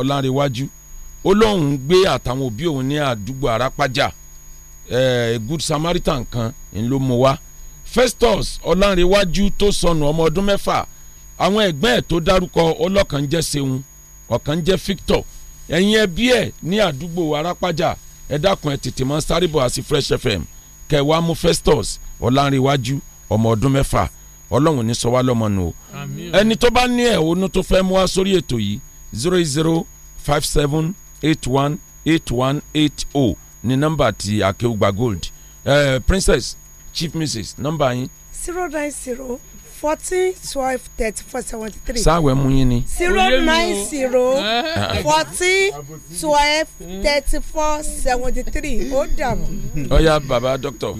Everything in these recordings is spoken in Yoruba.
ọlárẹ̀wájú ó lóun gbé àtàwọn òbí òun ní àdúgbò arápájà good samaritan kan ń ló mú wá festus ọlárẹ̀wájú tó sọnù ọmọ ọdún mẹ́fà àwọn ẹ̀gbọ́n ẹ̀ tó dárúkọ ọlọ́kan jẹ́ seun ọ̀kan jẹ́ victor ẹ̀yin ẹbí ẹ̀ ní àdúgbò arápájà ẹ dákun ẹ tètè mọ́ sáré àti fresh fm kẹwàá mú festus ọlárẹ̀wájú ọmọ ọdún mẹ́fà ọlọ́run ní sọ wá lọ́mọ nù o ẹni tó bá ní ẹ̀hónú tó fẹ́ mú wá sórí ètò yìí zero eight zero five seven eight one eight one eight O. ní nọ́mbà ti akéwùgbà gold uh, princess chief mrs nọ́mbà yín. zero nine zero fourteen twelve thirty four seventy three. sáwẹ̀ mú yín ni. zero nine zero fourteen twelve thirty four seventy three ó dààmú. ọ̀ya bàbá dókítà.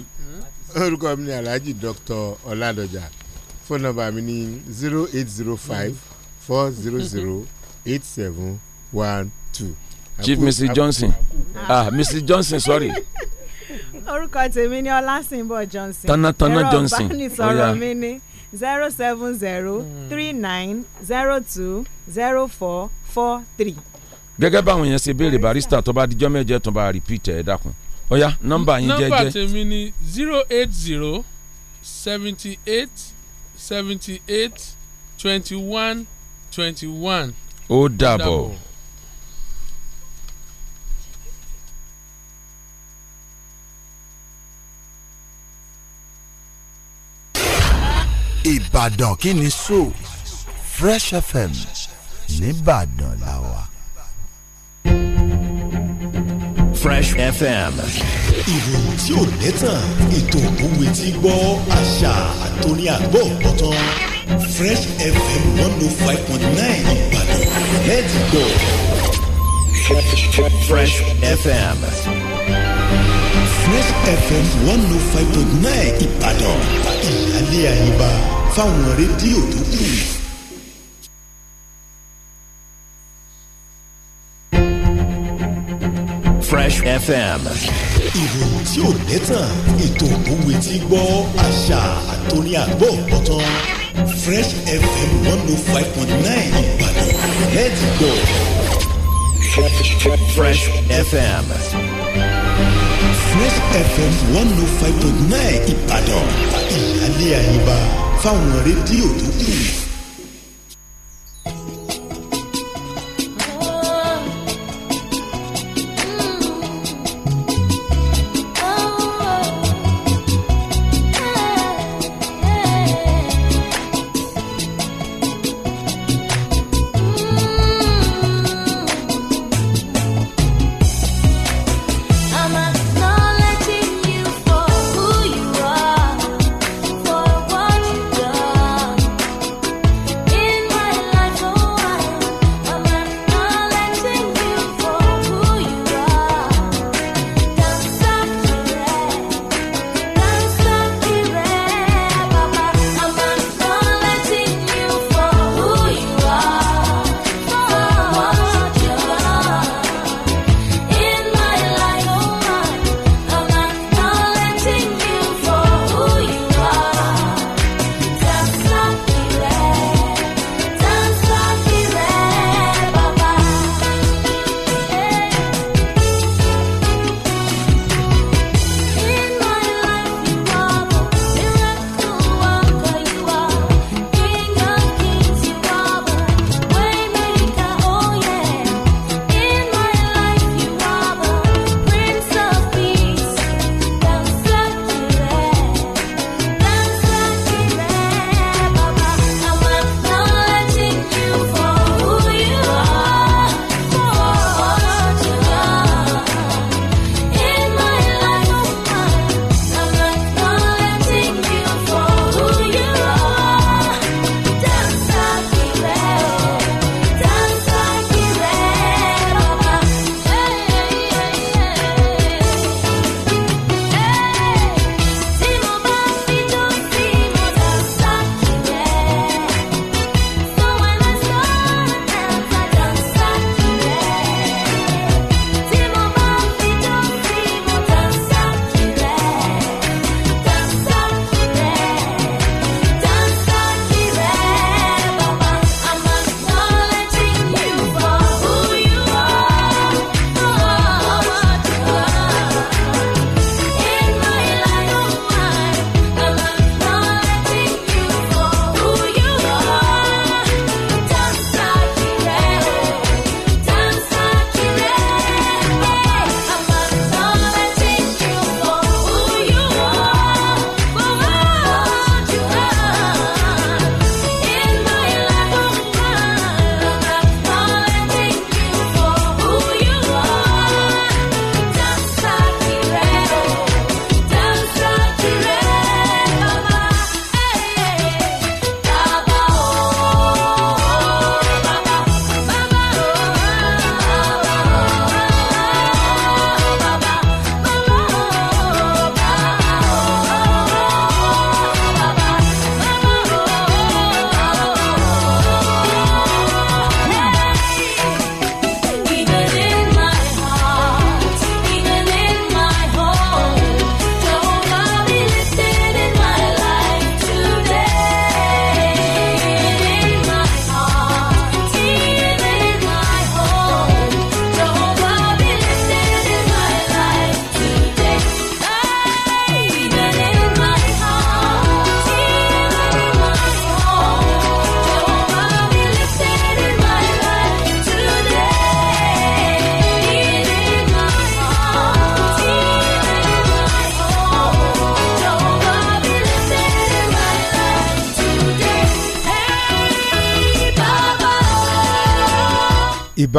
orúkọ mi ni alhaji dr ọládọjà fóònù nọ́mbà mi ni zero eight zero five four zero zero eight seven one two. chief mrs johnson ah mrs johnson sorry. orúkọ tèmi ni ọlásìnbọ johnson. tánátánná johnson ẹ̀rọ ìbánisọ̀rọ̀ mi ni zero seven zero three nine zero two zero four four three. gẹ́gẹ́ báwọn yẹn ṣe béèrè barista tó bá dijọ́ mẹ́jẹ tó bá rìpíìtì ẹ̀ dákun ọ̀ya nọ́mbà yín jẹ́jẹ́. nọ́mbà tèmi ni zero eight zero seventy eight seventy eight twenty one twenty one ó dàbọ̀. ìbàdàn kí ni so Fresh FM nìbàdàn la wà. Fresh FM. ìròyìn tí ò lẹ́tàn ètò òwe tí gbọ́ àṣà àtòní àgbọ̀ Fresh FM one oh five point nine Ìbàdàn let's go. Fresh FM. Fresh FM one oh five point nine Ìbàdàn ìyáálé àyíbá fáwọn rédíò tó kù. Fresh FM. Ìròyìn tí ò lẹ́tàn, ètò òwe tí gbọ́, àṣà àtòrí àgbọ̀ ọ̀pọ̀ tán. Fresh FM 105.9 Ibadan. Let's go. Fresh FM. Fresh FM 105.9 Ibadan. Ìyáálé àyíbá fáwọn radio tó kù.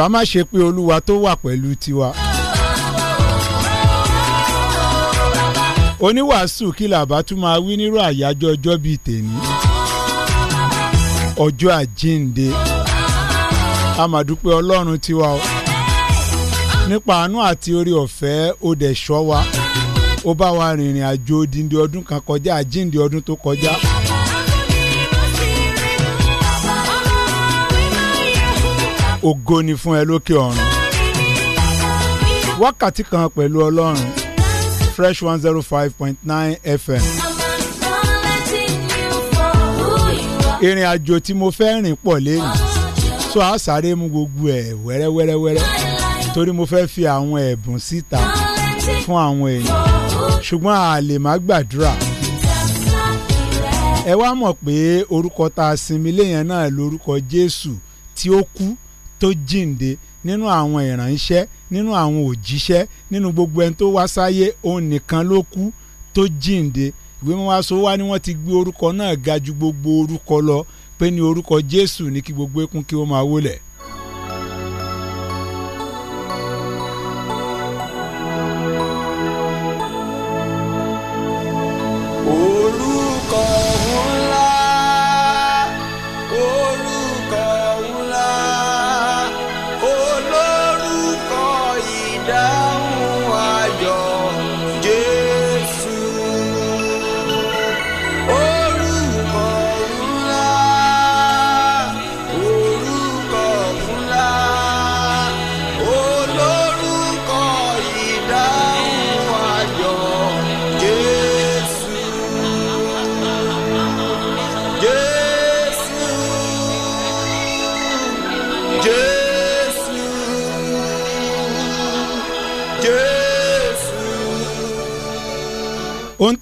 ìbá má ṣe pé olúwa tó wà pẹ̀lú tiwa. oníwàásù kí làbá tún máa wí nírú àyájọ́ ọjọ́ bíi tèmi ọjọ́ àjínde amàdúpẹ́ ọlọ́run tiwa o nípa àánú àti orí ọ̀fẹ́ ó dẹ̀ ṣọ́ wa ó bá wa rìnrìn àjò odindi ọdún kan kọjá àjínde ọdún tó kọjá. ògo ni fún ẹ lókè ọ̀run wákàtí kan pẹ̀lú ọlọ́run fresh one zero five point nine fm ìrìn àjò tí mo fẹ́ rìn pọ̀ lẹ́yìn so a sáré gbogbo ẹ̀ wẹ́rẹ́wẹ́rẹ́wẹ́rẹ́ torí mo fẹ́ fi àwọn ẹ̀bùn síta fún àwọn èèyàn ṣùgbọ́n a lè má gbàdúrà ẹ wá mọ̀ pé orúkọ tá a sinmi léyìn náà lórúkọ Jésù tí ó kú tó jíǹde nínú àwọn ìránṣẹ́ nínú àwọn òjíṣẹ́ nínú gbogbo ẹni tó wá sáyé òun nìkan ló kú tó jíǹde ìwé mímọ́ aṣọ wa ni wọ́n ti gbé orúkọ náà ga ju gbogbo orúkọ lọ pé ní orúkọ Jésù ní kí gbogbo ekún kí ó máa wólẹ̀.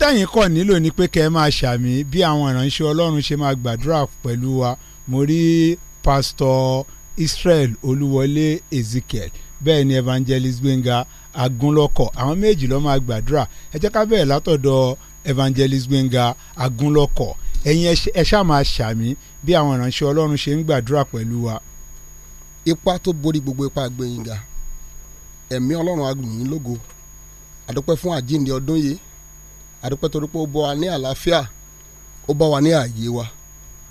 tẹ̀yìn kọ̀ nílò ni pé kẹ́ ẹ máa ṣàmì bí àwọn ìránṣẹ́ ọlọ́run ṣe máa gbàdúrà pẹ̀lú wa mo rí pásítọ̀ Israel Olúwọlé Ezekiel bẹ́ẹ̀ ni evangelist Gbénga Agúnlọ́kọ̀ àwọn méjì ló máa gbàdúrà ẹ jẹ́ ká bẹ̀rẹ̀ látọ̀dọ̀ evangelist Gbénga Agúnlọ́kọ̀ ẹ̀yin ẹ ṣáà máa ṣàmì bí àwọn ìránṣẹ́ ọlọ́run ṣe ń gbàdúrà pẹ̀lú wa. ipa tó borí gbogbo ipa Gbénga ẹ̀mí ọlọ́run á lógo àdúpẹ́ fún àjíǹde ọdún yìí àdúpẹ́ torí pé ó bọ́ wa ní àlàáfíà ó bá wa ní ààyè wa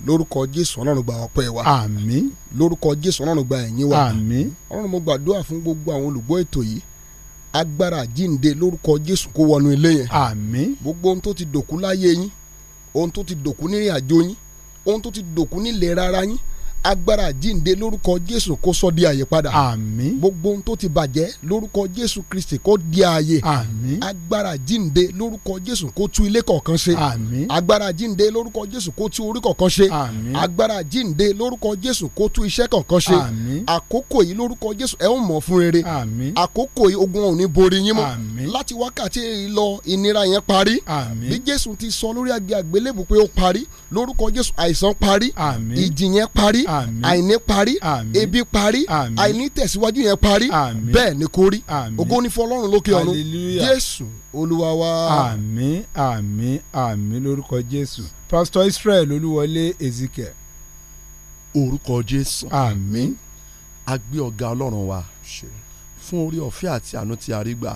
lórúkọ jésù ọlọ́run gba ọpẹ́ wa àmín lórúkọ jésù ọlọ́run gba ẹ̀yìn wa àmín ọlọ́run mo gbàdúrà fún gbogbo àwọn olùgbọ́ ètò yìí agbára jíǹde lórúkọ jésù kó wọnú ilé yẹn àmín gbogbo ohun tó ti dòkú láyé yín ohun tó ti dòkú nírìn àjò yín ohun tó ti dòkú nílera ara yín agbára jíǹde lórúkọ jésù kó sọ di àyè padà àmín gbogbo ohun tó ti bàjẹ́ lórúkọ jésù kristi kó di àyè àmín agbára jíǹde lórúkọ jésù kó tú ilé kọ̀ọ̀kan ṣe àmín agbára jíǹde lórúkọ jésù kó tú orí kọ̀ọ̀kan ṣe àmín agbára jíǹde lórúkọ jésù kó tú iṣẹ́ kọ̀ọ̀kan ṣe àmín àkókò yìí lórúkọ jésù ẹ ó mọ̀ fún rere àmín àkókò yìí ogun ò ní borí yín mọ́ àmín láti wákàtí lọ ìnira yẹn parí àmín bí jésù ti sọ lórí àgbélébù pé ó lórúkọ jésù àìsàn parí ìjì yẹn parí àìní parí ebi parí àìní tẹ̀síwájú yẹn parí bẹ́ẹ̀ ni kò rí ògo ni fọlọ́run lókè ọ̀run jésù olúwa wa. àmín àmín àmín lórúkọ jésù pásítọ̀ israel olúwọlé ezekiel. orúkọ jésù àmín a gbé ọ̀gá ọlọ́run wa fún orí ọ̀fẹ́ àti àánú tí a rí gbà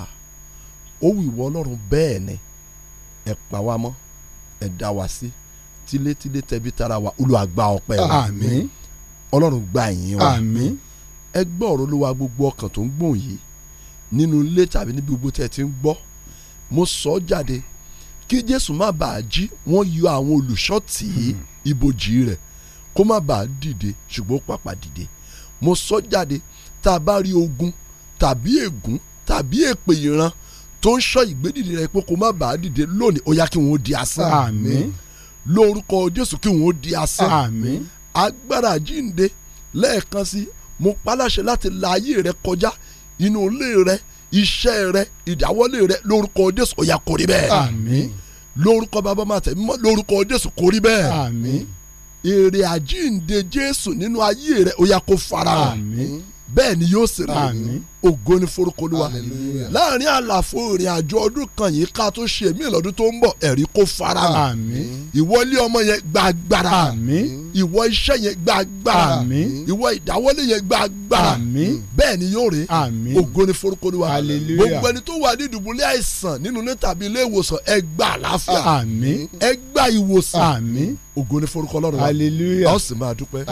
ó wù ìwọ ọlọ́run bẹ́ẹ̀ ni ẹ pa wá mọ́ ẹ dá wa sí. I tilétilé tẹbi tara wa Olúwa gba ọpẹ́ wa àmín gba ìyìn wa àmín ẹ gbọ́ ọ̀rọ̀ Olúwa gbogbo ọkàn tó ń gbòòn yìí nínú ilé tàbí níbi gbogbo tẹ̀ ti ń gbọ́ mo sọ ọ́ jáde kí Jésù má bàa jí wọ́n yọ àwọn olùṣọ́ hmm. ibojì rẹ̀ kó má bàa dìde ṣùgbọ́n pàpà dìde mo sọ jáde tá a bá rí ogun tàbí ègún tàbí èpè ìran tó ń sọ ìgbédìde rẹ pé kó má bàa dìde lónìí ó yá kí wọn ó di asán. àmín. Mm lórúkọ jésù kí wọn ó di asán àmín agbára jíǹde lẹ́ẹ̀kan sí mo paláṣẹ láti la ayé rẹ kọjá inú ilé rẹ iṣẹ́ rẹ ìdáwọ́lé rẹ lórúkọ jésù ó yá kó rí bẹ́ẹ̀ àmín lórúkọ bàbá máa tẹ̀mí mọ́ lórúkọ jésù kó rí bẹ́ẹ̀ àmín èrè àjíǹde jésù nínú ayé rẹ ó yá kó fara hàn àmín bẹ́ẹ̀ ni yóò sì rí àmín ògo ni forúkọ Olúwa láàrin àlàfo ìrìn àjò ọdún kan yìí ká tó ṣe mí lọ́dún tó ń bọ̀ ẹ̀rí kó fara hàn ìwọ ilé ọmọ yẹn gba agbára ìwọ iṣẹ́ yẹn gba agbára ìwọ ìdáwọ́lé yẹn gba agbára bẹ́ẹ̀ ni yóò rè ògo ni forúkọ Olúwa gbogbo ẹni tó wà ní ìdùbúlẹ̀ àìsàn nínú ilé tàbí ilé ìwòsàn ẹ gba àlàáfíà ẹ gba ìwòsàn ògo ni forúkọ Ọlọ́run wa hallelujah a máa dúpẹ́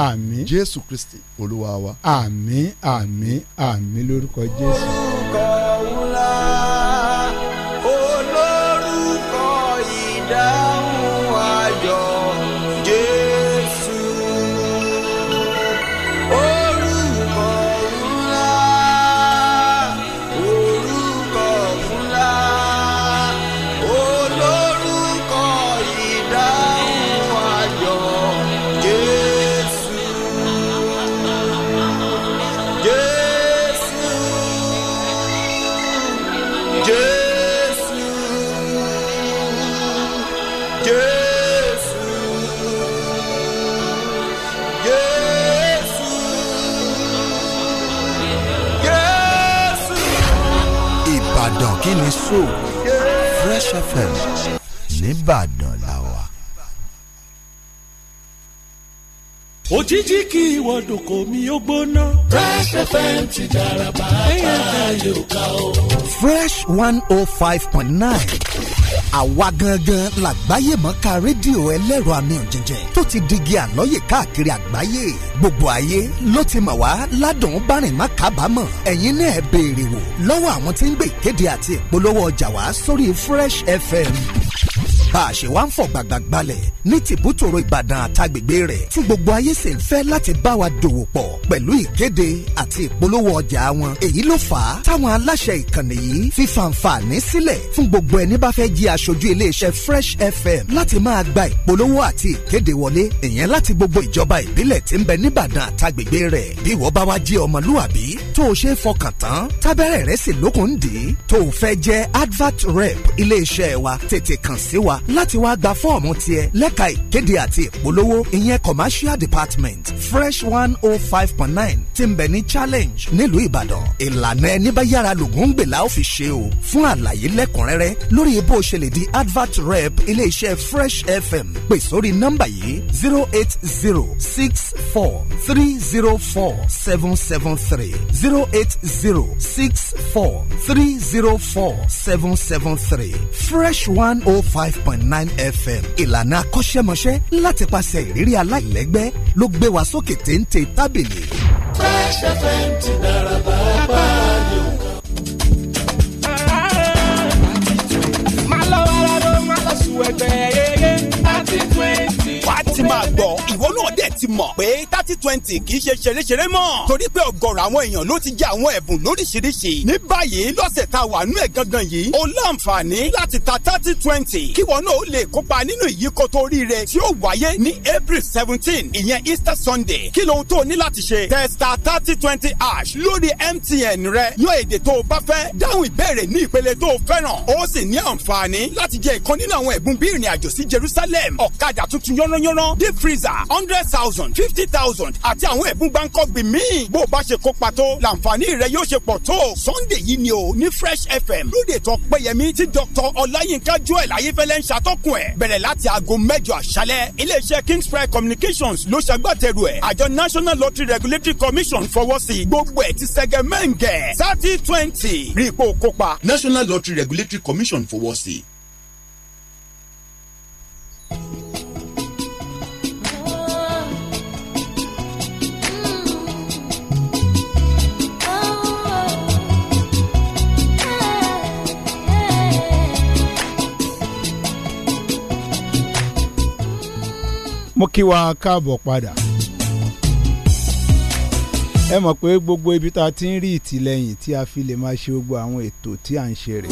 Jésù Kristi Olúwa wa àmín àmín àmín lórúkọ по 10. kí ni so Fresh FM nìbàdàn làwọn. òjijì kí ìwọ́dùnkò mi ó gbóná. Fresh FM ti dára bàtà yóò ká o. Fresh one oh five point nine àwa gangan làgbáyé mọ́ka rédíò ẹlẹ́rọ àmì òjijì tó ti digi àlọ́yè káàkiri àgbáyé gbogbo ayé ló ti mọ̀ wá ládùn bárìn má kábàámọ̀ ẹ̀yin náà ẹ béèrè wò lọ́wọ́ àwọn tí ń gbé ìkéde àti ìpolówó ọjà wá sórí Fresh FM bá a ṣe wá ń fọ̀ gbàgbàgbalẹ̀ ní tìbútòrò ìbàdàn àtàgbègbè rẹ̀ tí gbogbo ayé sì ń fẹ́ láti bá wa dòwò pọ̀ pẹ̀lú ìkéde àti ìpolówó ọjà wọn èyí ló fà á táwọn aláṣẹ ìkànnì yìí fi fàǹfààní sílẹ̀ fún gbogbo ẹni bá fẹ́ jí aṣojú iléeṣẹ́ fresh fm láti máa gba ìpolówó àti ìkéde wọlé ìyẹn láti gbogbo ìjọba ìbílẹ̀ tí ń bẹ níbàdàn àtàgbègbè rẹ̀ bí wọ́n bá wá jẹ́ ọmọlúwàbí tó o ṣe é fọkàn tán tábẹ́rẹ́ rẹ̀ sì lókun dì í tó o fẹ́ jẹ́ advert rep iléeṣẹ́ wa tètè kàn sí wa láti wá gba fọ́ọ̀mù tiẹ̀ lẹ́ka ìkéde àti ìpolówó ìyẹn commercial department fresh one oh five point nine tí ń bẹ ní challenge nílùú ìbàdàn ìlànà ẹni bá yára lògùn gbèlà ó fi ṣe o fún àlàyé lẹ́kùnrẹ́rẹ́ lórí bó o ṣe lè di advert rep iléeṣẹ́ fresh fm pè sórí nọ́mbà yìí zero eight zero six four three zero four seven seven three zero eight zero six four three zero four seven seven three fresh one oh five point point nine fm ìlànà akọ́ṣẹ́mọṣẹ́ láti pàṣẹ ìrírí aláìlẹ́gbẹ́ ló gbé wa sókè téńté tábìlì. fresh fm ti dára pàápàá ni o. máa lọ wàrà ló máa lọ sùn ẹgbẹ́ yẹ́yẹ́ thirty twenty. wàá ti máa gbọ́ ìwé tẹ́lẹ̀ ti mọ̀ pé thirty twenty kì í ṣe ṣeréṣeré mọ́ torí pé ọ̀gọ̀rọ̀ àwọn èèyàn ló ti jẹ àwọn ẹ̀bùn lóríṣiríṣi ní báyìí lọ́sẹ̀ tá a wà nú ẹ̀ gangan yìí ó láǹfààní láti ta thirty twenty kí wọn náà ó lè kópa nínú ìyíkótó oríire tí ó wáyé ní April seventeen ìyẹn Easter Sunday kí lohun tó o ní láti ṣe testa thirty twenty ash lórí MTN rẹ yan èdè tó o bá fẹ́ dáhùn ìbéèrè ní ìpele tó o fẹ́ràn ó sì ní àǹfààní láti jẹ ìkan nínú àwọn ẹ̀bùn bí ìrìn sí Jerusalem ọ̀kadà tuntun yánnayánná deep freezer hundred thousand fifty thousand àti àwọn ẹ̀bùn gbáǹkọ́gbìn míì bó o bá ṣe kópa tó làǹfààní rẹ yóò ṣe pọ̀ tó sunday yìí ni o ní fresh fm lóde tó péyẹmí tí dr ọláyínká joel ayéfẹ́lẹ́ ń ṣàtọ́kùn ẹ̀ bẹ̀rẹ̀ láti aago mẹ́jọ àṣálẹ́ iléeṣẹ́ kingspride communications ló ṣàgbàtẹ̀rù ẹ̀ àjọ national lottery regulatory commission fọwọ́ sí gbogbo ẹ̀ ti sẹ́gẹ̀ mẹ́ǹgẹ̀ thirty twenty rí ipò kópa. national lottery regulatory commission fọwọ́ sí. mo kí wa káàbọ̀ padà ẹ mọ̀ pé gbogbo ibi tá a ti ń rí ìtìlẹ́yìn tí a fi lè máa ṣe gbogbo àwọn ètò tí à ń ṣe rè.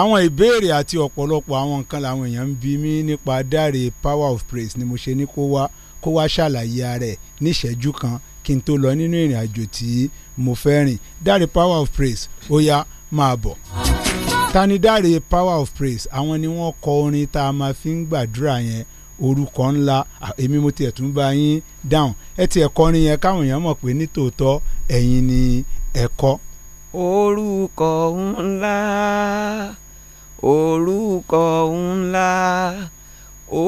àwọn ìbéèrè àti ọ̀pọ̀lọpọ̀ àwọn nǹkan làwọn èèyàn ń bi mí nípa dáre power of praise ni mo ṣe ní kó wá kó wá ṣàlàyé ara níṣẹ́jú kan kí n tó lọ nínú ìrìn àjò tí mo fẹ́ rìn dáre power of praise ó yá máa bọ̀. Tanidare Power of Praise àwọn ni wọ́n kọ orin tá a máa fi ń gbàdúrà yẹn orúkọ ńlá èmi mo tiẹ̀ tún bá yín dáhùn ẹ tiẹ̀ kọrin yẹn káwọn èèyàn mọ̀ pé nítòótọ́ ẹ̀yin ni ẹ kọ. orúkọ ńlá orúkọ ńlá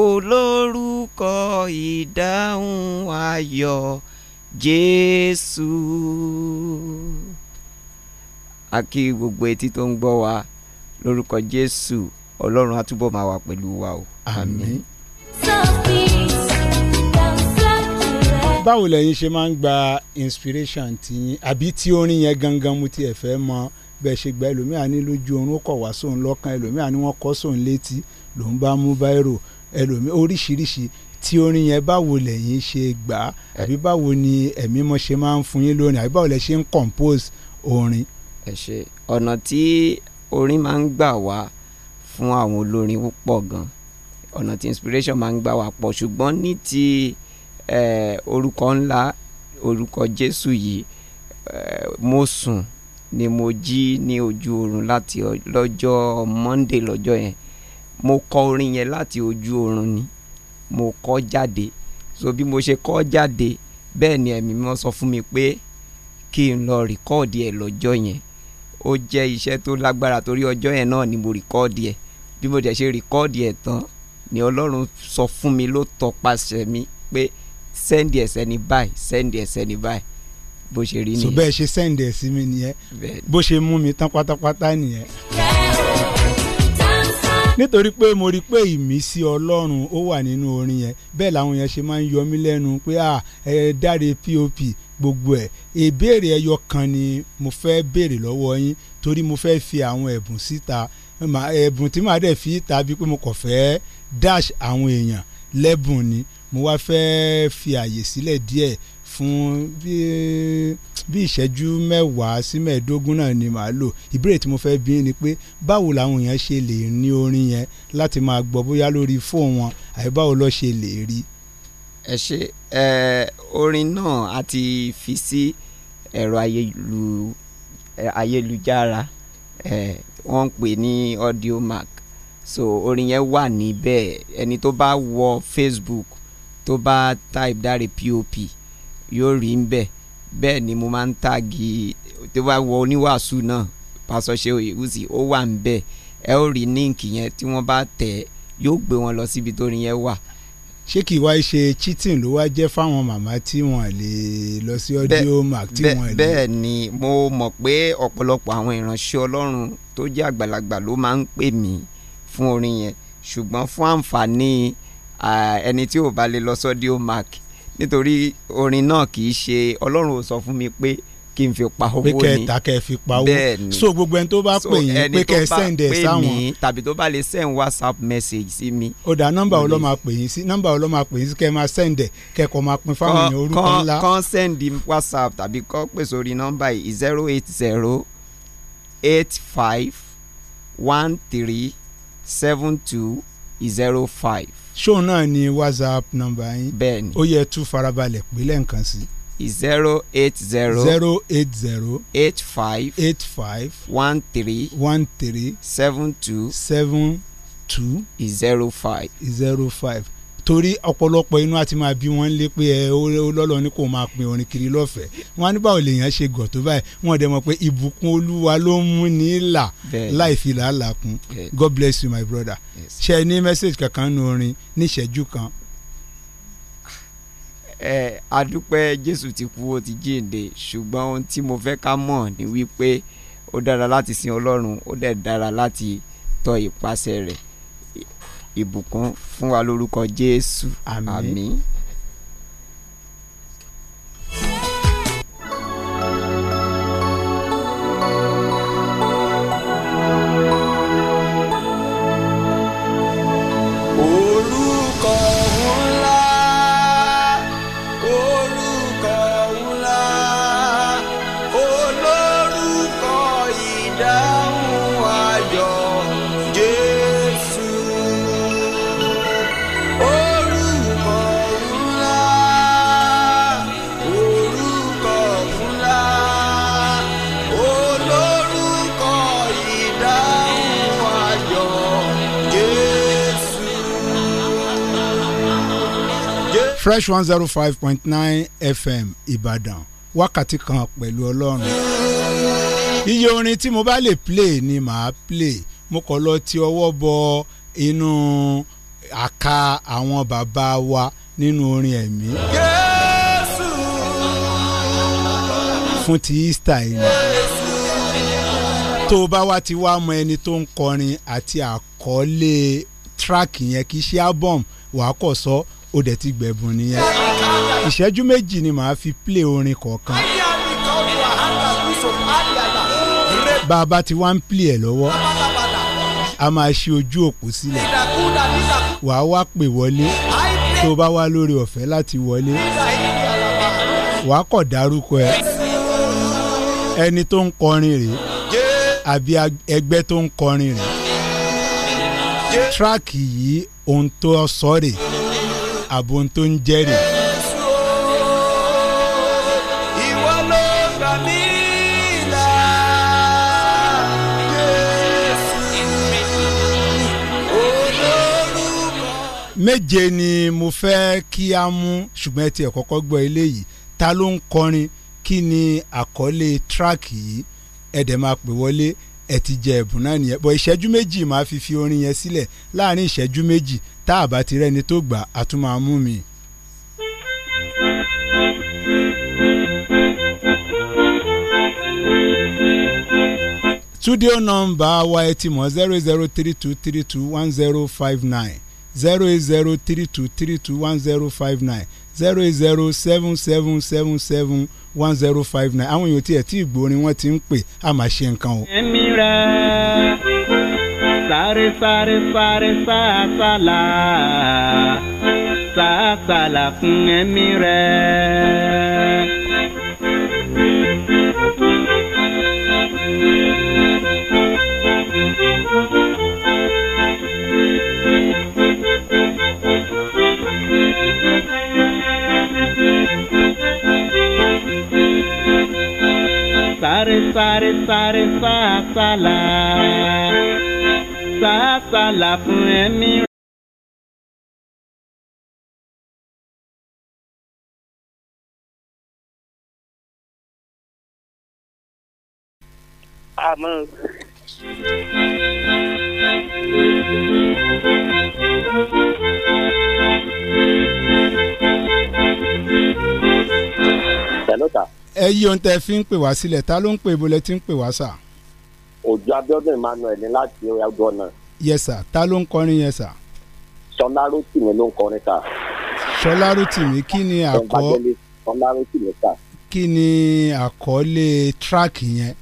olórúkọ ìdáhùn ayọ̀ Jésù. a kí gbogbo etí tó ń gbọ́ wa lórúkọ jésù ọlọ́run á túbọ̀ máa wà pẹ̀lú wa o. àmín. báwo lẹ́yìn ṣe máa ń gba inspiration tiyín àbí tí orin yẹn gangan mo tiẹ̀ fẹ́ mọ bẹ́ẹ̀ ṣe gba ẹlòmíà ní lójú oorun ó kọ̀ wá sóun lọ́kàn ẹlòmíà ní wọ́n kọ́ sóun létí lòun bá mú báírò ẹlòmíà oríṣiríṣi tí orin yẹn báwo lẹ́yìn ṣe gbà á àbí báwo ni ẹ̀mí mọ́ ṣe máa ń fún yín lórin àbí báwo lẹ ṣe ń compose orin. ẹ ṣe ọ̀nà tí orin máa ń gbà wá fún àwọn olórin púpọ̀ gan ọ̀nà tí inspiration máa ń gbà wá pọ̀ ṣùgbọ́n ní ti orúkọ ńlá orúkọ Jésù yìí mo sùn ni mo jí ní ojú oorun láti lọ́jọ́ Monday lọ́jọ́ yẹn mo kọ orin yẹn láti ojú oorun ni mo kọ jáde so bí mo ṣe kọ jáde bẹ́ẹ̀ ni ẹ̀mí mímọ́ sọ fún mi pé kí n lọ rìkọ́ọ̀dì ẹ̀ lọ́jọ́ yẹn ó jẹ́ iṣẹ́ tó lágbára torí ọjọ́ yẹn náà ni mo rìkọ́ọ̀dì ẹ̀ bí mo dẹ̀ ṣe rìkọ́ọ̀dì ẹ̀ tán ni ọlọ́run sọ fún mi ló tọpasẹ̀ mi pé sẹ́ndì ẹ̀sẹ̀ ní báyìí sẹ́ndì ẹ̀sẹ̀ ní báyìí bó ṣe rí nìyẹn. so bẹ́ẹ̀ ṣe sẹ́ndì ẹ̀ sí mi nìyẹn bó ṣe mú mi tán pátápátá nìyẹn. nítorí pé mo rí i pé ìmísí ọlọ́run ó wà nínú orin yẹn bẹ́ẹ̀ làwọn yẹn ṣe máa ń yọ mí lẹ́nu pé à ah, ẹ dáre pop gbogbo ẹ̀ ìbéèrè ẹyọ kan ni mo fẹ́ béèrè lọ́wọ́ yín torí mo fẹ́ fi àwọn ẹ̀bùn síta ẹ̀bùn tí màá dẹ̀ fi tàbí pé mo kàn fẹ́ dash àwọn èèyàn lẹ́bùn ni mo wá fẹ́ fi àyè sílẹ̀ díẹ̀ fún bí ìṣẹ́jú mẹ́wàá sí mẹ́ẹ̀ẹ́dógún náà ni màá lò ìbéèrè tí mo fẹ́ bí ni pé báwo làwọn èèyàn ṣe lè ní orin yẹn láti máa gbọ́ bóyá lórí fóònù wọn àbí báwo ló ṣe lè rí i ẹ ṣe eh, ẹ orin náà a ti fi sí ẹ̀rọ eh, ayélujára ẹ eh, wọ́n ń pè ní audiomack so orin yẹn wà níbẹ̀ ẹni tó bá wọ facebook tó bá type dáre pop yóò rí ń bẹ̀ bẹ́ẹ̀ ni mo máa ń tagi tó bá wọ oníwàásù náà pásọ ṣe òyìnbùsì ó wà ń bẹ̀ ẹ ó rí níǹkì yẹn tí wọ́n bá tẹ̀ yóò gbé wọn lọ síbi tó rin yẹn wà ṣé kì í wá ṣe cheating ló wá jẹ́ fáwọn màmá tí wọ́n lè lọ sí audio mark tí wọ́n lè. bẹ́ẹ̀ ni mo mọ̀ pé ọ̀pọ̀lọpọ̀ àwọn ìránṣẹ́ ọlọ́run tó jẹ́ àgbàlagbà ló máa ń pè mí fún orin yẹn ṣùgbọ́n fún àǹfààní ẹni tí ò bá lè lọ sí audio mark nítorí orin náà kì í ṣe ọlọ́run ò sọ fún mi pé kí n fi pa owó ni pé kẹta kẹ fi pa owó so gbogbo ẹni tó bá pè yín pé kẹ send ẹ sáwọn tàbí tó bá lè send whatsapp message sí mi. ó dá nọ́mbà wo máa pè yín sí nọ́mbà wo máa pè yín sí kẹ máa send ẹ kẹkọọ máa pin fáwọn èèyàn orúkọ ńlá. kàn send whatsapp tàbí kàn pè sórí nọ́mbà yìí zero eight zero eight five one three seven two zero five. ṣóun náà ni whatsapp nọ́mbà yín. bẹ́ẹ̀ni ó yẹ tú farabalẹ̀ pé lẹ́ǹkan sí i zero eight zero zero eight zero eight five eight five one three one three seven two seven two zero five zero five torí ọ̀pọ̀lọpọ̀ inú àti máa bí wọ́n lé pé ẹ lọ́lọ́ ni kò máa pin orin kiri lọ́fẹ̀ẹ́ wọn á ní báwo lèèyàn ṣe gọ̀ tó báyìí wọn dẹ̀ mọ̀ pé ìbùkún olúwa ló ń mú ní là láì fi làálàá kún God bless you my brother ṣe yes. ní message kankan nu orin ní ìṣẹ́jú kan ẹ adúpẹ́ Jésù ti kú ó ti jíǹde ṣùgbọ́n ohun tí mo fẹ́ ká mọ̀ ni wípé ó dára láti sin Ọlọ́run ó dẹ̀ dára láti tọ ìpasẹ̀ rẹ̀ ìbùkún fún wa lórúkọ Jésù àmín. fresh one zero oh five point nine fm ìbàdàn wákàtí kan pẹ̀lú ọlọ́run iye orin tí mo bá lè play ni màá play mo kàn lọ ti ọwọ́ bọ inú àka àwọn bàbá wa nínú orin ẹ̀mí. Jésù. fún ti Easter yìí tó o bá wa ti wá mọ ẹni tó ń kọrin àti àkọlé track yẹn kì í ṣe album wàá kọ̀ sọ. So ó dẹ̀ ti gbẹ̀bùn nìyẹn ìṣẹ́jú méjì ni màá fi play orin kọ̀ọ̀kan bá a bá ti wá ń play ẹ̀ lọ́wọ́ a máa ṣe ojú òpó sílẹ̀ wàá wá pè wọlé tó bá wá lórí ọ̀fẹ́ láti wọlé wàá kọ̀ dárúkọ ẹ ẹni tó ń kọrin rèé àbí ẹgbẹ́ tó ń kọrin rèé tíráàkì yìí ohun tó sọ rèé àbò tó ń jẹ́rì. Jésù ìwọ ló gbà mí là Jésù olórúkọ. méje ni mo fẹ́ kí a mú ṣùgbọ́n ẹ tiẹ̀ kọ́kọ́ gbọ́ eléyìí ta ló ń kọrin kí ni àkọlé tíráàkì yìí ẹ máa pè wọlé ẹ ti jẹ ẹ̀bùn náà nìyẹn bọ̀ ìṣẹ́jú méjì máa fi fi orin yẹn sílẹ̀ láàrin ìṣẹ́jú méjì tá a bá ti rẹ́ni tó gbà á tún máa mú mi. studio nọmba wa ẹ ti zero zero three two three two one zero five nine zero zero three two three two one zero five nine zero zero seven seven seven seven one zero five nine àwọn èèyàn tí ẹ ti gbọ́ ni wọ́n ti ń pè á máa ṣe nǹkan o. ẹ̀mí rẹ̀. sare sare sare sa sala sa sala fún ẹ̀mí rẹ̀. sare sare sare sa sala sàásàlà fún ẹ̀mí rẹ̀. Amém. Hello, ta. ẹ yí ohun tẹ fi ń pè wá sílẹ̀ ta ló ń pè bolẹ̀ ń pè wá sà òjò abiodun emmanuel ní láti ọjọ́ náà. yes sir ta ló ń kọrin yẹn sir. sọlá rotimi ló ń kọrin sir. sọlá rotimi kí ni àkọ sọlá rotimi sir. kí ni àkọlé tíráàkì yẹn.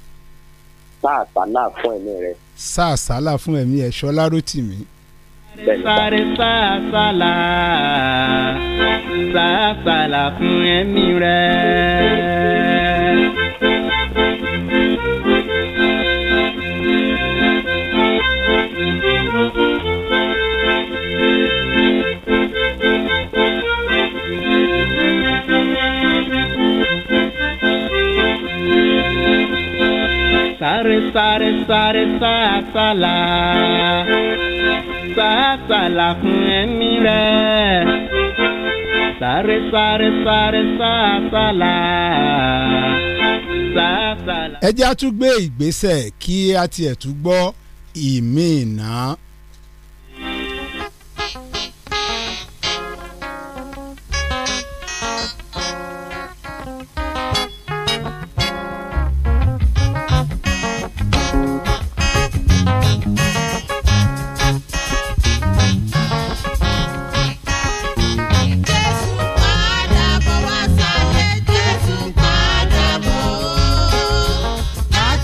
sáà sálà fún ẹ̀mí rẹ. sáà sálà fún ẹ̀mí ẹ̀ sọlá rotimi sáré sàásàlà sàásàlà fún ẹ̀mí rẹ̀. Sare sare sare sàásàlà sàásàlà fún ẹ̀mí rẹ̀ sáré sáré sare sàásàlà sàásàlà. ẹ jẹ́ àtúgbé ìgbésẹ̀ kí a tiẹ̀ tún gbọ́ ìmí ìná.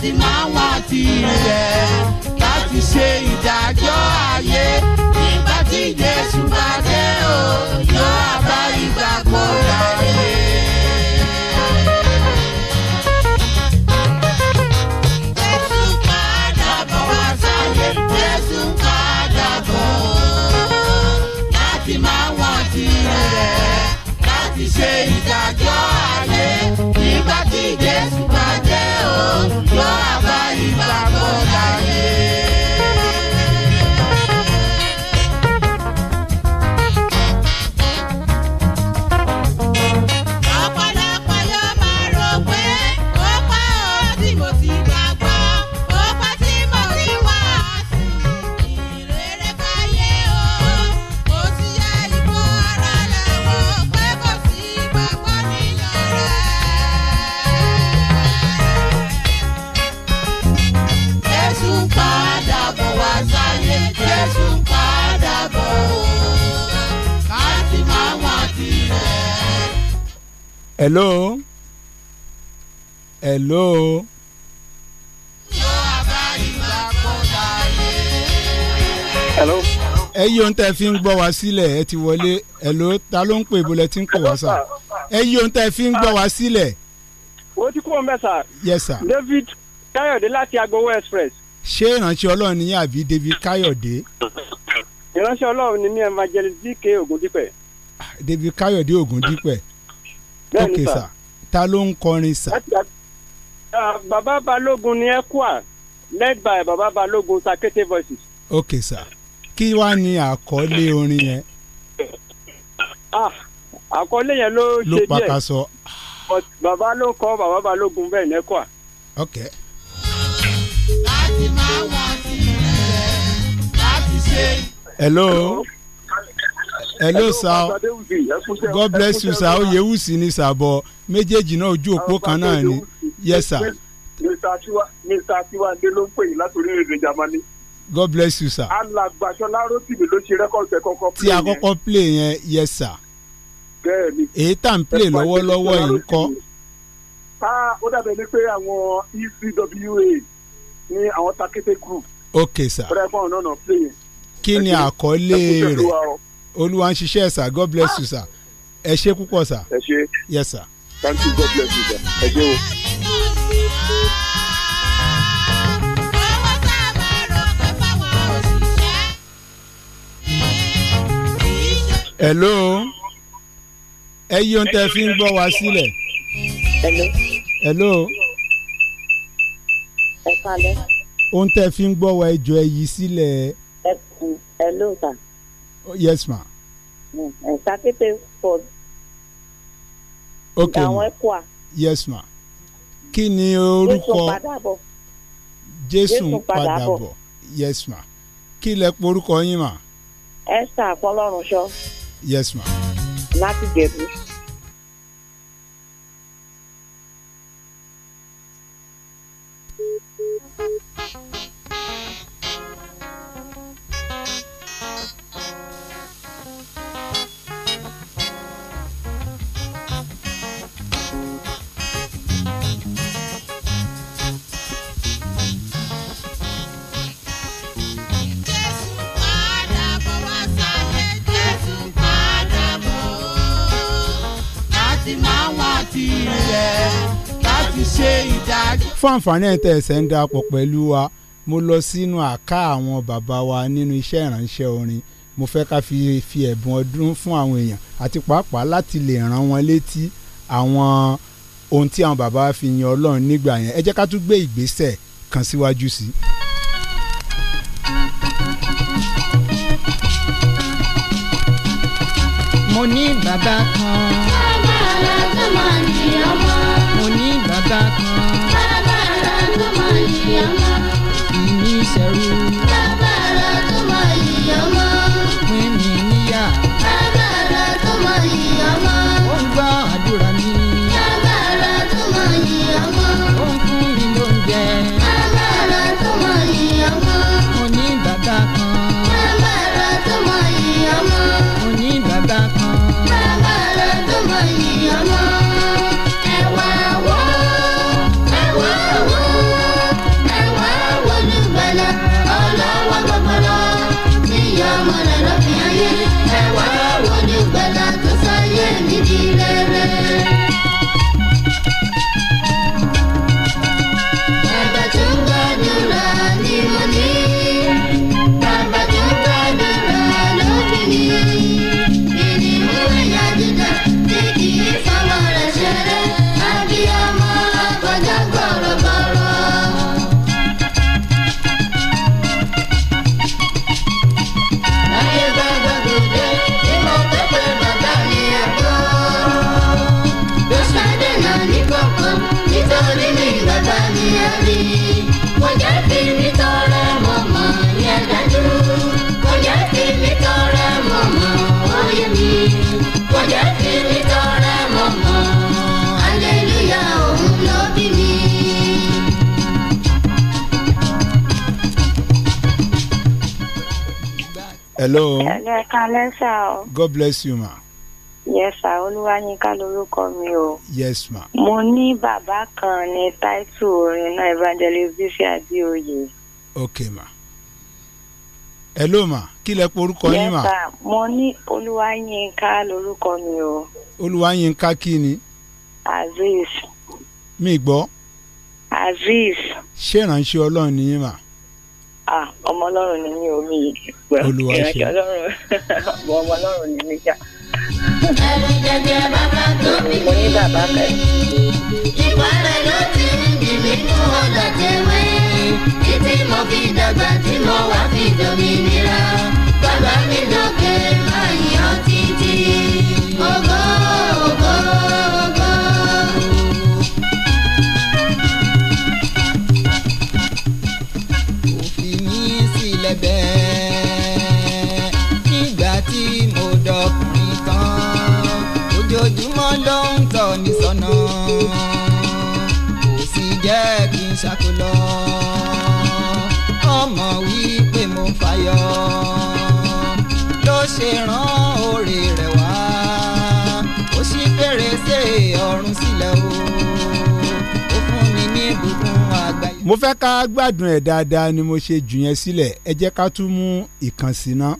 sì máa wá tirẹ̀. hello hello. hello. ẹ yí ohun tẹ́ ẹ fi ń gbọ́ wá sílẹ̀ ẹ ti wọlé hello ta ló ń pè bó lẹ ti ń pè wá sà ẹ yí ohun tẹ́ ẹ fi ń gbọ́ wá sílẹ̀. o ti kúrò mbẹ sà. yes sir. David Káyọ̀dé láti Agbowó Express. ṣé ìránṣẹ́ Ọlọ́run ni àbí David Káyọ̀dé. ìránṣẹ́ Ọlọ́run ni mi evangelist D.K. Ògúndípẹ̀. Ah, David Káyọ̀dé Ògúndípẹ̀ ok sà ta ló ń kọrin sà. Baba balógun ni ekwa led by Baba Balogun sakete voices. ok sà kí wàá ní àkọlé orin yẹn. àkọlé yẹn ló ṣe díẹ̀ ló pakasọ. bàbá ló kọ bàbá balógun bẹ́ẹ̀ ní ekwa. ok. láti máa wọ́n ti rẹ̀ láti ṣe. hello. hello? hello sir god bless you sir oyewusi ni sir but méjèèjì náà ojú òpó kan náà ni yes sir. mr tiwande ló ń pè yín láti orílẹ̀-èdè germany. god bless you sir. alàgbàsọlá rotimi ló ṣe rẹ́kọ̀dù ẹ̀kọ́kọ́ play yẹn. ti àkọ́kọ́ play yẹn yes sir. bẹ́ẹ̀ni èyí tá à ń play lọ́wọ́lọ́wọ́ yìí ń kọ́. Ah, ó dàbẹ̀ ni pé àwọn ecwa ní àwọn takété group. ok sir. kí ni àkọlé rẹ̀ olúwa ń ṣiṣẹ́ sir god bless you sir ẹ ṣe púpọ̀ sir. ẹ ṣe yes sir. thank you god bless you sir ẹ ṣe o. hello ẹ yí ohun tẹ fi ń gbọ́ wá sílẹ̀. hello. ohun tẹ fi ń gbọ́ wá ẹjọ́ ẹ yí sílẹ̀. hello sir. Oh, yes, ma. Mm, for. Okay. Àwọn ẹ̀kọ́ à. Yes, ma. Kí ni orúkọ? Jésù padà bọ̀. Yes, ma. Kí lẹ pọ orúkọ yín, ma? Esther Fọlọ́runṣọ́. Yes, ma. Láti Jẹ̀bú. fún àǹfààní ẹ̀ tẹ́ ẹ̀sẹ̀ ń darapọ̀ pẹ̀lú wa mo lọ sínú àká àwọn bàbá wa nínú iṣẹ́ ìránṣẹ́ orin mo fẹ́ ká fi fi ẹ̀bùn ọdún fún àwọn èèyàn àti pàápàá láti lè rán wọn létí àwọn ohun tí àwọn bàbá fi yan ọlọ́run nígbà yẹn ẹ jẹ́ ká tún gbé ìgbésẹ̀ kan síwájú sí mo ní bàbá kan. hello. ẹ kan lẹ́sà o. god bless you ma. yes sir olúwayínká lorúkọ mi o. yes ma. mo ní bàbá kan ní táìtù orin náà evangelist bísí adéoyè. ok ma. hello ma kí lẹ porúkọ yín ma. yes sir mo ní olúwayínká lorúkọ mi o. olúwayínká kí ni. azeez. mi gbọ́. azeez. ṣé ìránṣẹ́ ọlọ́run ni ma ah ọmọ ọlọ́run ni mí omi ìrìnàjò ọlọ́run ọmọ ọlọ́run ni mí já. mo ní bàbá kan. ìwà ló ti ń bì mí fún ọ̀dà tẹ̀wé títí mo fi dàgbà tí mo wá fi dominira bàbá mi dókè báyìí ó ti di. ń ṣàkólọ ọmọ wípé mo fàyọ ló ṣe rán oore rẹ̀ wá ó ṣí fèrèsé ọ̀run sílẹ̀ o ó fún mi ní ìbùkún àgbáyé. mo fẹ́ ká gbádùn ẹ̀ dáadáa ni mo ṣe jù yẹn sílẹ̀ ẹ jẹ́ ká tún mú ìkànsí náà.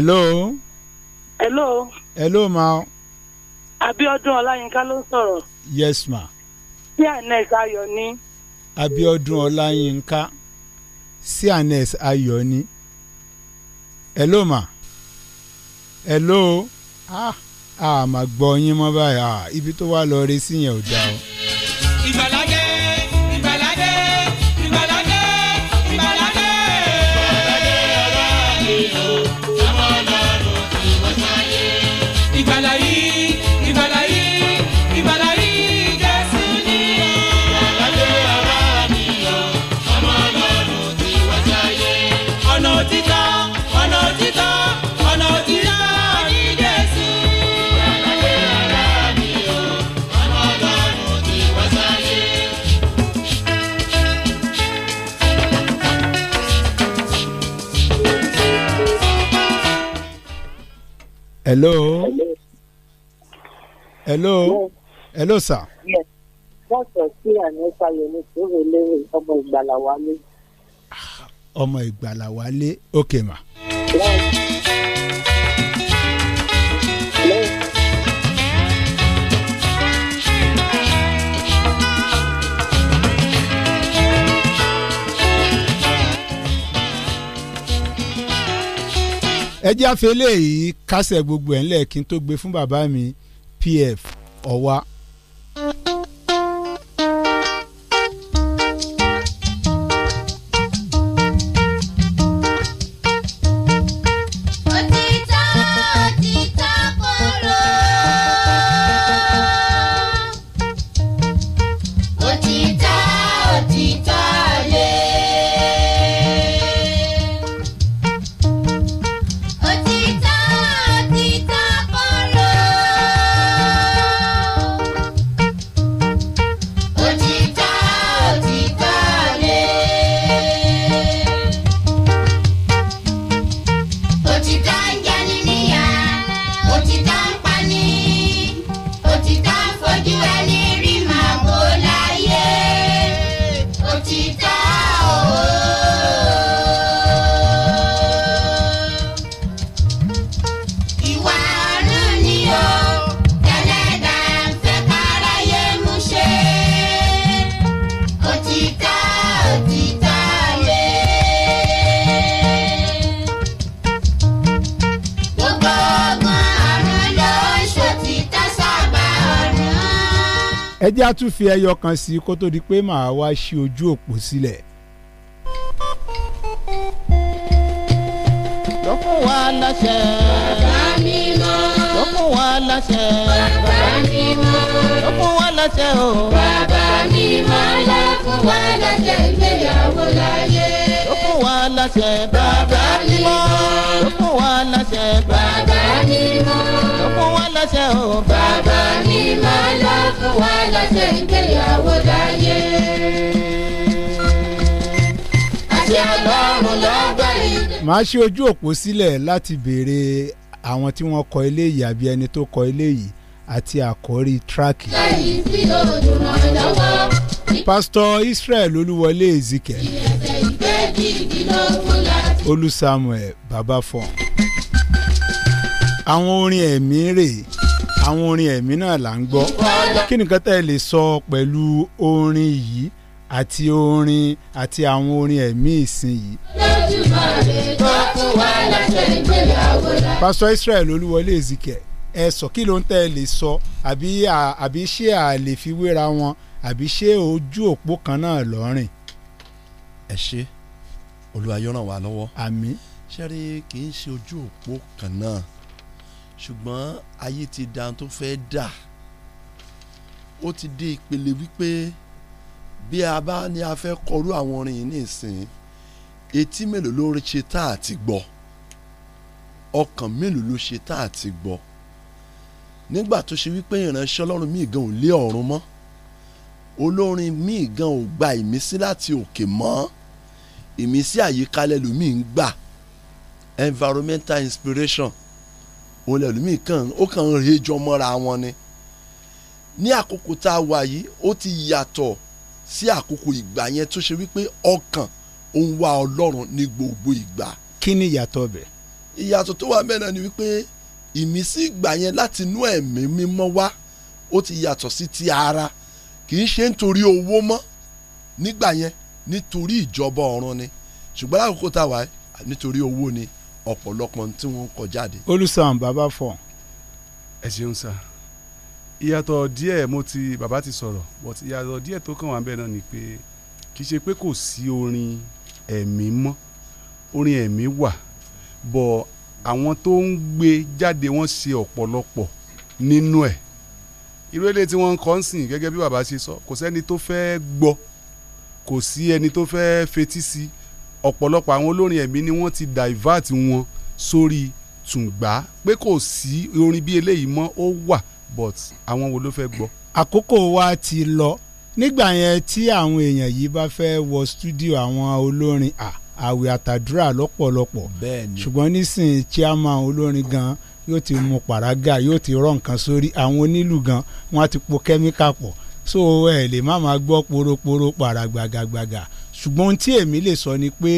hello. hello. hello ma. Abiodun Ọláyínká ló ń sọ̀rọ̀. yes ma. sí Anes Ayọ̀ ni. Abíọ́dún Ọláyínká sí Anes Ayọ̀ ni. hello ma. hello. ah àmà gbọ́ yín mọ́ báyìí ah, ibi tó wà lọ rí sí yẹn ò dáa o. hello. hello. hello sir. lọ́sọ̀ sí àná fàyẹ̀mí tó wò léwé ọmọ ìgbàlà ah, ọmọ ìgbàlà wálé ok ma. ẹ jẹ́ àfẹ́lẹ́ yìí kásẹ̀ gbogbo ẹ̀ ńlẹ̀ kí n tó gbé fún bàbá mi pf ọ̀wá tún fi ẹyọ kan sí kó tó di pé màá wá ṣí ojú òpó sílẹ̀. lọ́kùn wa láṣẹ. lọ́kùn wa láṣẹ. lọ́kùn wa láṣẹ o. bàbá mi mọ́ lọ́kùn wa láṣẹ ìgbéyàwó láyé wa láṣẹ bàbá mímọ́ ló fún wa láṣẹ bàbá mímọ́ ló fún wa láṣẹ o bàbá mímọ́ ló fún wa láṣẹ ìgbéyàwó láyé. màá ṣe ojú òpó sílẹ̀ láti béèrè àwọn tí wọ́n kọ ilé yìí àbí ẹni tó kọ ilé yìí àti àkórí tíráàkì. pásítọ̀ Israel Olúwọlé Ezike. Yeah olú samuel babafọ àwọn orin ẹ̀mí rèé àwọn orin ẹ̀mí náà là ń gbọ́ kí nìkan tẹ́ ẹ lè sọ pẹ̀lú orin yìí àti orin àti àwọn orin ẹ̀mí ìsìn yìí. pásítọ̀ Israel olúwọlé ezike ẹ sọ kí ló ń tẹ́ ẹ lè sọ àbí àbí ṣé à lè fi wéra wọn àbí ṣé ojú òpó kan náà lọ́rìn. ẹ ṣe olúwa yóò ràn wá lọ́wọ́. àmín. sẹ́rí kì í ṣe ojú òpó kan náà ṣùgbọ́n ayé ti da tó fẹ́ dà ó ti dé ìpele wípé bí a bá ní a fẹ́ kọrú àwọn orin yìí nísìn etí mélòó ló ń ṣe tá a ti gbọ́ ọkàn mélòó ló ṣe tá a ti gbọ́ nígbà tó ṣe wípé ìránṣẹ́ ọlọ́run míì gan ò lé ọ̀run mọ́ olórin míì gan ò gba ìmísí láti òkè mọ́ ìmísí àyíká lẹ́lòmíì ń gbà environmental inspiration òun lẹ́lòmíì kàn ó kàn ń rejọ mọ́ra wọn ni ní àkókò tá a wà yìí ó ti yàtọ̀ sí àkókò ìgbà yẹn tó ṣe wípé ọkàn ó ń wá ọlọ́run ní gbogbo ìgbà. kí ni ìyàtọ̀ bẹ̀. ìyàtọ̀ tó wà mẹ́rin ni wípé ìmísí ìgbà yẹn láti inú ẹ̀mí mímọ́ wá ó ti yàtọ̀ sí ti ara kì í ṣe nítorí owó mọ́ nígbà yẹn nítorí ìjọba ọ̀run ni ṣùgbọ́n lákòókò tá a wà nítorí owó ni ọ̀pọ̀lọpọ̀ tí wọ́n ń kọ jáde. olùsàn bàbá fọ. ẹ ṣeun sá ìyàtọ̀ díẹ̀ mo ti bàbá ti sọ̀rọ̀ but ìyàtọ̀ díẹ̀ tó kàn wá bẹ́ẹ̀ náà ni pé kì í ṣe pé kò sí orin ẹ̀mí mọ́ orin ẹ̀mí wà bọ̀ àwọn tó ń gbé jáde wọ́n ṣe ọ̀pọ̀lọpọ̀ nínú ẹ̀ irú eléyìí tí wọ́n ń kọ́ ń sìn gẹ́gẹ́ bí bàbá ṣe sọ kò sẹ́ni tó fẹ́ gbọ́ kò sí ẹni tó fẹ́ẹ́ fetí sí ọ̀pọ̀lọpọ̀ àwọn olórin ẹ̀mí ni wọ́n ti divert wọn sórí tùǹgbà pé kò sí orin bí eléyìí mọ́ ó wà but àwọn wo ló fẹ́ gbọ́. àkókò wa ti lọ nígbà yẹn tí àwọn èèyàn yìí bá fẹ́ wọ stúdíò àwọn olórin à àwẹ̀ àtàdúrà lọ́pọ̀lọpọ̀ ṣùgbọ́n nísìnyí chairman olórin gan yóò ti mu pàrágà yóò ti rọ nǹkan sórí àwọn onílù gan wọ́n á ti po kẹ́míkà pọ̀ so ẹ lè má máa gbọ́ poroporo pàrà gbàgàgbàgà ṣùgbọ́n ohun tí èmi lè sọ ni pé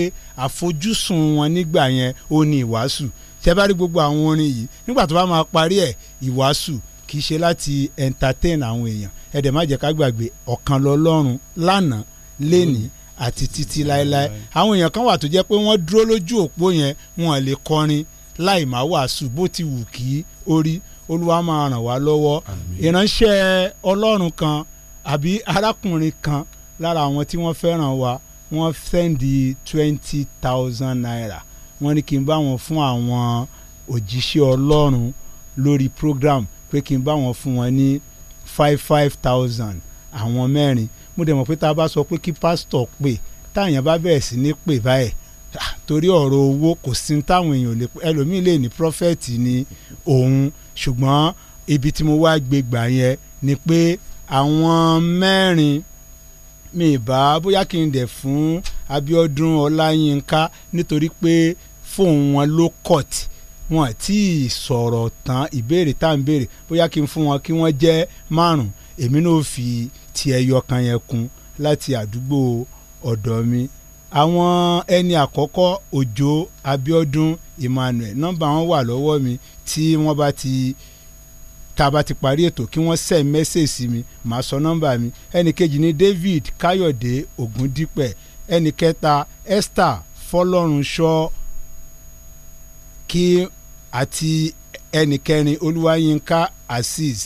àfojúsùn wọn nígbà yẹn ó ní ìwàásù tẹ bá rí gbogbo àwọn orin yìí nígbà tó bá máa parí ẹ̀ ìwàásù kì í ṣe láti entertain àwọn èèyàn ẹ dẹ̀ má jẹ́ ká gbàgbé ọ̀kan lọ́lọ́run lánàá lénìí àti títí láéláé àwọn èèyàn kan wà tó jẹ́ pé wọ́n dúró lójú òpó yẹn wọn lè kọrin láì má wàásù bó ti wù kí ó olúwa máa ràn wá lọ́wọ́ ìránṣẹ́ ọlọ́run kan àbí arákùnrin kan lára àwọn tí wọ́n fẹ́ràn wa wọ́n sẹ́ndì twenty thousand naira wọ́n ní kí n bá wọn fún àwọn òjíṣẹ́ ọlọ́run lórí program pé kí n bá wọn fún wọn ní five five thousand àwọn mẹ́rin mo dẹ̀ mọ̀ pé tá a bá sọ pé kí pásítọ̀ pè táyàn bá bẹ̀rẹ̀ sí ní pè báyìí torí ọ̀rọ̀ owó kò sí táwọn èèyàn lè ẹlòmíì lè ní prọfẹ̀tì ni òun ṣùgbọ́n ibi tí mo wá gbé gbà yẹn ni pé àwọn mẹ́rin mi bá bóyá kí n dẹ̀ fún Abíọ́dún Ọláyínká nítorí pé fóun wọn ló court wọn tí ì sọ̀rọ̀ tán ìbéèrè tá à ń béèrè bóyá kí n fún wọn kí wọ́n jẹ́ márùn-ún èmi náà fi ti ẹyọ kan yẹn kún láti àdúgbò ọ̀dọ̀ mi àwọn ẹni àkọ́kọ́ Òjó Abíọ́dún Emmanuel nọ́mbà wọn wà lọ́wọ́ mi tí wọ́n bá ti. Wa tá a bá ti parí ètò kí wọ́n send message sí mi màá sọ nọ́mbà mi ẹnì kejì ni David Kayode Ògúndípẹ̀ ẹnì kẹta Esther Fọlọ́runṣọ́ kí àti ẹnì kẹrin Olúwayínká Azeez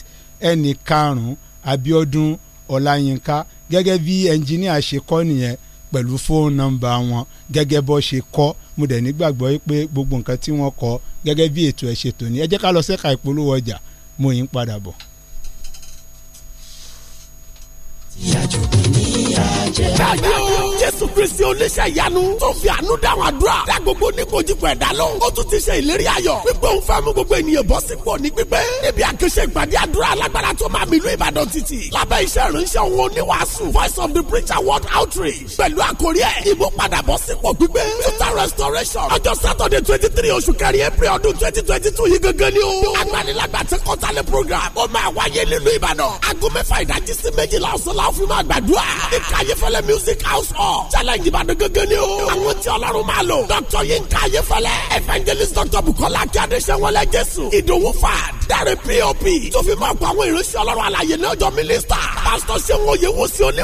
ẹnì karùn-ún Abíọ́dún Ọláyínká gẹ́gẹ́ bí ẹnjíníà ṣe kọ́ nìyẹn pẹ̀lú fóònù nọ́mbà wọn gẹ́gẹ́ bọ́ ṣe kọ́ mo dẹ̀ nígbàgbọ́ pé gbogbo nǹkan tí wọ́n kọ́ gẹ́gẹ́ bí ètò ẹ̀ ṣètò ní ẹ jẹ́ ká lọ sẹ́ka ìpolówó ọjà mú yín padà bọ̀. ìyàjò kìíní àjẹ́ bàbá jésù kristi oníṣẹ́ ìyanu tó fi àánú dáhùn àdúrà lágbogbo nípojúpọ̀ ẹ̀dá lọ ó tún ti ṣe ìlérí ayọ̀ pípé òun fẹ́ mú gbogbo ènìyàn bọ́ sípò ní pípé níbi àkẹ́ṣe ìpàdé àdúrà alágbára tó máa mi ìlú ìbàdàn títì lábẹ́ iṣẹ́ ìránṣẹ́ òun oníwàásù voice of the preacher world outreach pẹ̀lú àkórí ẹ̀ ìmúpadàbọ̀ sípò gbígbé total restoration ọjọ́ sátọ̀dẹ̀ twenty three oṣù kẹrin april ọdún twenty twenty two yìí gangan ni o agbanilagba ti kọ́tàlẹ̀ program ó máa wáyé nílùú ìbàdàn aago mẹ́fà ìdájí sí méjìlá ọ̀sán la ó fi máa gbàdúrà ní kayefẹ́lẹ́ music house bọ̀. sálẹ̀ ìdìbàdàn gẹ́gẹ́ ni o. àwọn tí ọlọ́run máa lò. dọ́kítọ̀ yín ká evangelist dọ́kítọ̀ bukola akíade jésù. ìdòwò fà dẹ́rẹ́ pop. tó fi máa pa àwọn ìránṣẹ́ ọlọ́run àlàyé ní ọjọ́ mínísítà. pásítọ̀ sẹ́wọ́n òye wo ní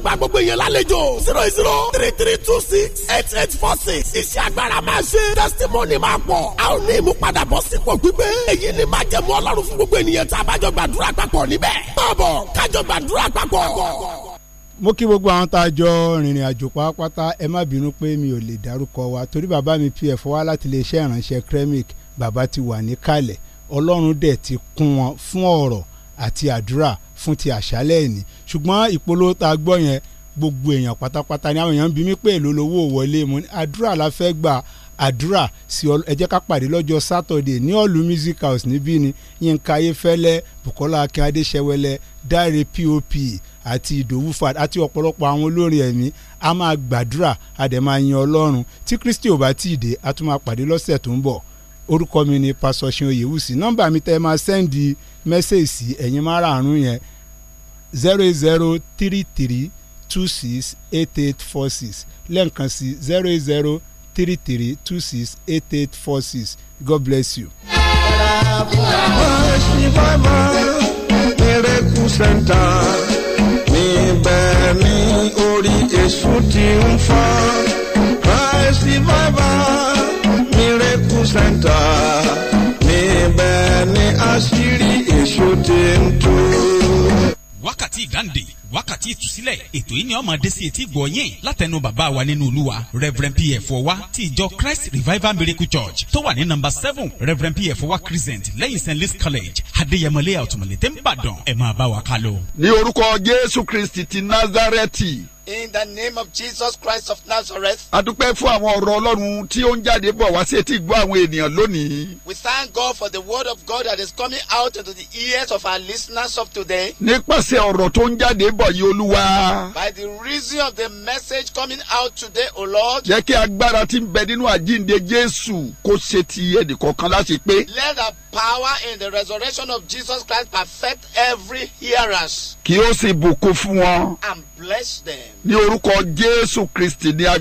ọgbà gbogbo yẹn lálejò. zero zero three three two six eight eight four six. iṣẹ́ agbára máa ṣe. testimony máa pọ̀. a ò ní ìmúpadàbọ̀ sípò gbígbé. èyí ni máa jẹ́ mọ́ ọlọ́run fún gbogbo ènìyàn tá a bá jọ gbàdúrà papọ̀ níbẹ̀. báàbọ̀ kájọ gbàdúrà papọ̀ mo kí gbogbo àwọn tá a jọ rìnrìn àjò pátápátá ẹ má bínú pé mi ò lè dárúkọ wa torí bàbá mi pf wá láti iléeṣẹ́ ìránṣẹ́ kremik bàbá ti wà níkàlẹ̀ ọlọ́run dẹ̀ ti kún wọn fún ọ̀rọ̀ àti àdúrà fún ti àṣálẹ̀ ẹ̀ní ṣùgbọ́n ìpolówó tá a gbọ́ yẹn gbogbo èèyàn pátápátá ni àwọn èèyàn ń bi mí pé èló lowó wọlé mu àdúrà la fẹ́ gbà àdúrà sí ẹ jẹ́ ká pàdé lọ́jọ́ sátọ̀dẹ̀ ní ọ̀lú music house níbí ni yínká ayéfẹ́lẹ́ bukola akínadé ṣẹwẹlẹ dáre pop àti ìdòwú fad àti ọ̀pọ̀lọpọ̀ àwọn olórin ẹ̀mí a máa gbàdúrà a dẹ̀ máa yan ọlọ́run tí kristi ò bá tí ì dé a tún máa pàdé lọ́sẹ̀ tó ń bọ̀ orúkọ mi ni pásọ ṣin oyèwùsì nọ́mbà mi tẹ́ máa sẹ́ndì mẹ́sẹ̀gì sí ẹ̀yin márààrún yẹn zero zero three three two six eight eight four six lẹ́ǹkan sí zero zero three three two six eight eight four six God bless you. Mama, she mama, miracle center ibẹ̀ ní orí èṣù ti ń fọ́ Christ revival miracle center níbẹ̀ ní àṣírí èṣù ti ń tú wákàtí ìdáǹdè wákàtí ìtúsílẹ̀ ètò yìí ni ọmọ dé sí etí gbọ̀ yín látẹnu bàbá wa nínú olúwa reverend pf ọwa ti ìjọ christ revival miracle church tó wà ní nọ́mbà seven reverend pf ọwa crescent lẹ́yìn st louis college adéyẹmọlẹ́yà ọ̀túnmọ̀lẹ́tẹ̀ ń bàdàn ẹ̀ máa bá wa kálọ. ní orúkọ jésù kristi ti nazareti in the name of jesus christ of nazareth. a dúpẹ́ fún àwọn ọ̀rọ̀ ọlọ́run tí ó ń jáde bọ̀ wá sí etí gbọ́ àwọn ènìyàn lónìí. we thank God for the word of God that is coming out into the ears of our listeners of today. nípasẹ̀ ọ̀rọ̀ tó ń jáde bọ̀ yìí olúwa. by the reason of the message coming out today o lord. jẹ́ kí agbára tí ń bẹ nínú àjíǹde jésù kó ṣe ti ẹnìkọ̀ọ̀kan láti pé. let the power in the resurrection of jesus christ perfect every hearers. kí ó sì bùkún fún wọn. and bless them. Ní orúkọ Jésù Kristì ni a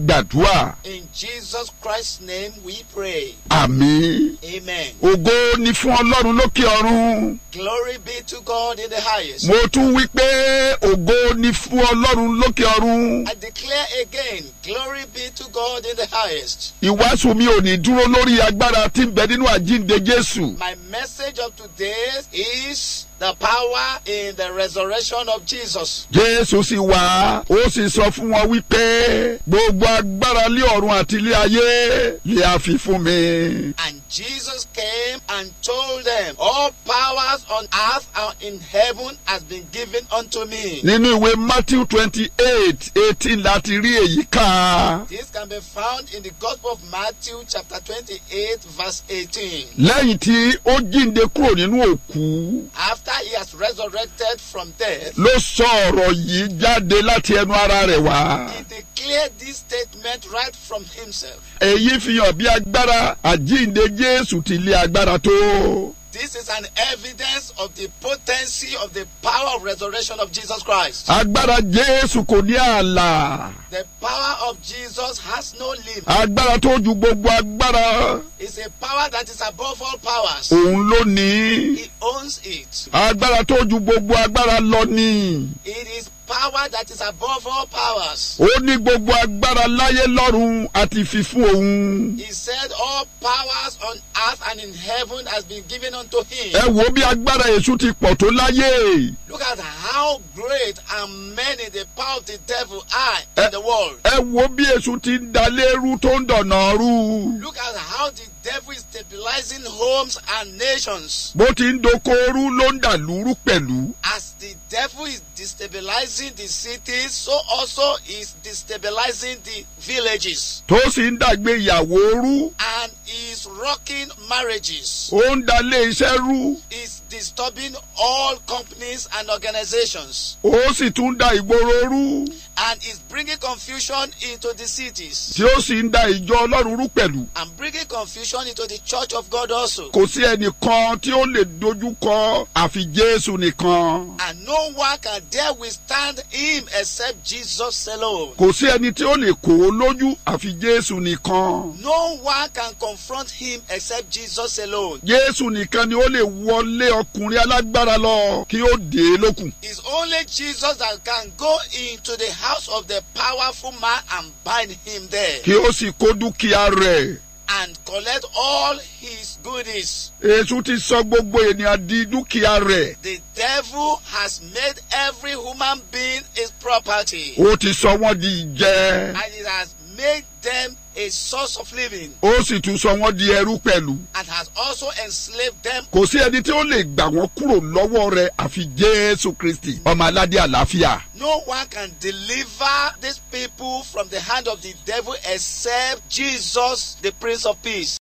In Jesus Christ's name we pray. Àmín. Amen. Ògo ni fún Ọlọ́run lókè ọ̀run. Glory be to God in the highest. Mo tún wí pé ògo ni fún Ọlọ́run lókè ọ̀run. I declare again, glory be to God in the highest. Ìwàásù mi ò ní dúró lórí agbára tí ń bẹ nínú àjíǹde Jésù. My message of today is the power in the resurrection of Jesus. Jésù sì wá, ó sì sọ fún wọn wípé gbogbo agbára lé ọ̀run àti ilé ayé lè a fi fún mi. And Jesus came and told them, all powers on earth and in heaven has been given unto me. Nínú ìwé Matthew twenty-eight eighteen láti rí èyí ká. This can be found in the Gospel of Matthew chapter twenty-eight verse eighteen. Lẹ́yìn tí ó jíǹde kúrò nínú òkú. After after he has resurrected from death. ló sọ ọ̀rọ̀ yìí jáde láti ẹnu ara rẹ̀ wá. he declared this statement right from himself. èyí fi hàn bí agbára àjíǹde Jésù ti lé agbára tó. This is an evidence of the potency of the power of resurrection of Jesus Christ. Agbára Jésù kò ní ààlà. The power of Jesus has no limit. Agbára tó ju gbogbo agbára. It's a power that is above all powers. Òun ló ní. He owns it. Agbára tó ju gbogbo agbára lọ ní. It is power that is above all powers. ó ní gbogbo agbára láyé lọ́run àti fífún òun. he said all powers on earth and in heaven has been given unto him. ẹ wo bí agbára èṣù ti pọ̀ tó láyé. look at how great and many the power of the devil are in the world. ẹ wo bí èṣù ti ń dalẹ́rú tó ń dọ̀nà rú. look at how the devil is stabilizing homes and nations. bó ti ń dokooru ló ń dàlúrú pẹ̀lú. as the devil is destabilizing the cities so also is destabilizing the villages. tó sì ń dàgbé ìyàwó rú. and is rocking marriages. ó ń dalé iṣẹ́ rú. is disturbing all companies and organizations. ó sì tún da ìgboro rú and is bringing confusion into the cities. tí ó sì ń da ìjọ ọlọ́run rú pẹ̀lú. and bringing confusion into the church of God also. kò sí ẹnìkan tí ó lè dojú kọ àfi Jésù nìkan. and no one can dare withstand him except Jesus alone. kò sí ẹni tí ó lè kó o lójú àfi Jésù nìkan. no one can confront him except Jesus alone. Jésù nìkan ni ó lè wọlé ọkùnrin alágbára lọ kí ó dé lókun. it's only Jesus that can go into the house house of the powerful man and bind him there. kí ó sì kó dúkìá rẹ̀. and collect all his goodies. Èṣù ti sọ gbogbo ènìyàn di dúkìá rẹ̀. The devil has made every human being his property. Ó ti sọ wọ́n di ìjẹ. And it has made them a source of living. ó sì tún sọ wọ́n di ẹrú pẹ̀lú. and has also enslaved them. kò sí ẹni tí ó lè gbà wọ́n kúrò lọ́wọ́ rẹ̀ àfi jésù kristi ọmọ aládé àlàáfíà. no one can deliver these people from the hand of the devil except jesus the prince of peace.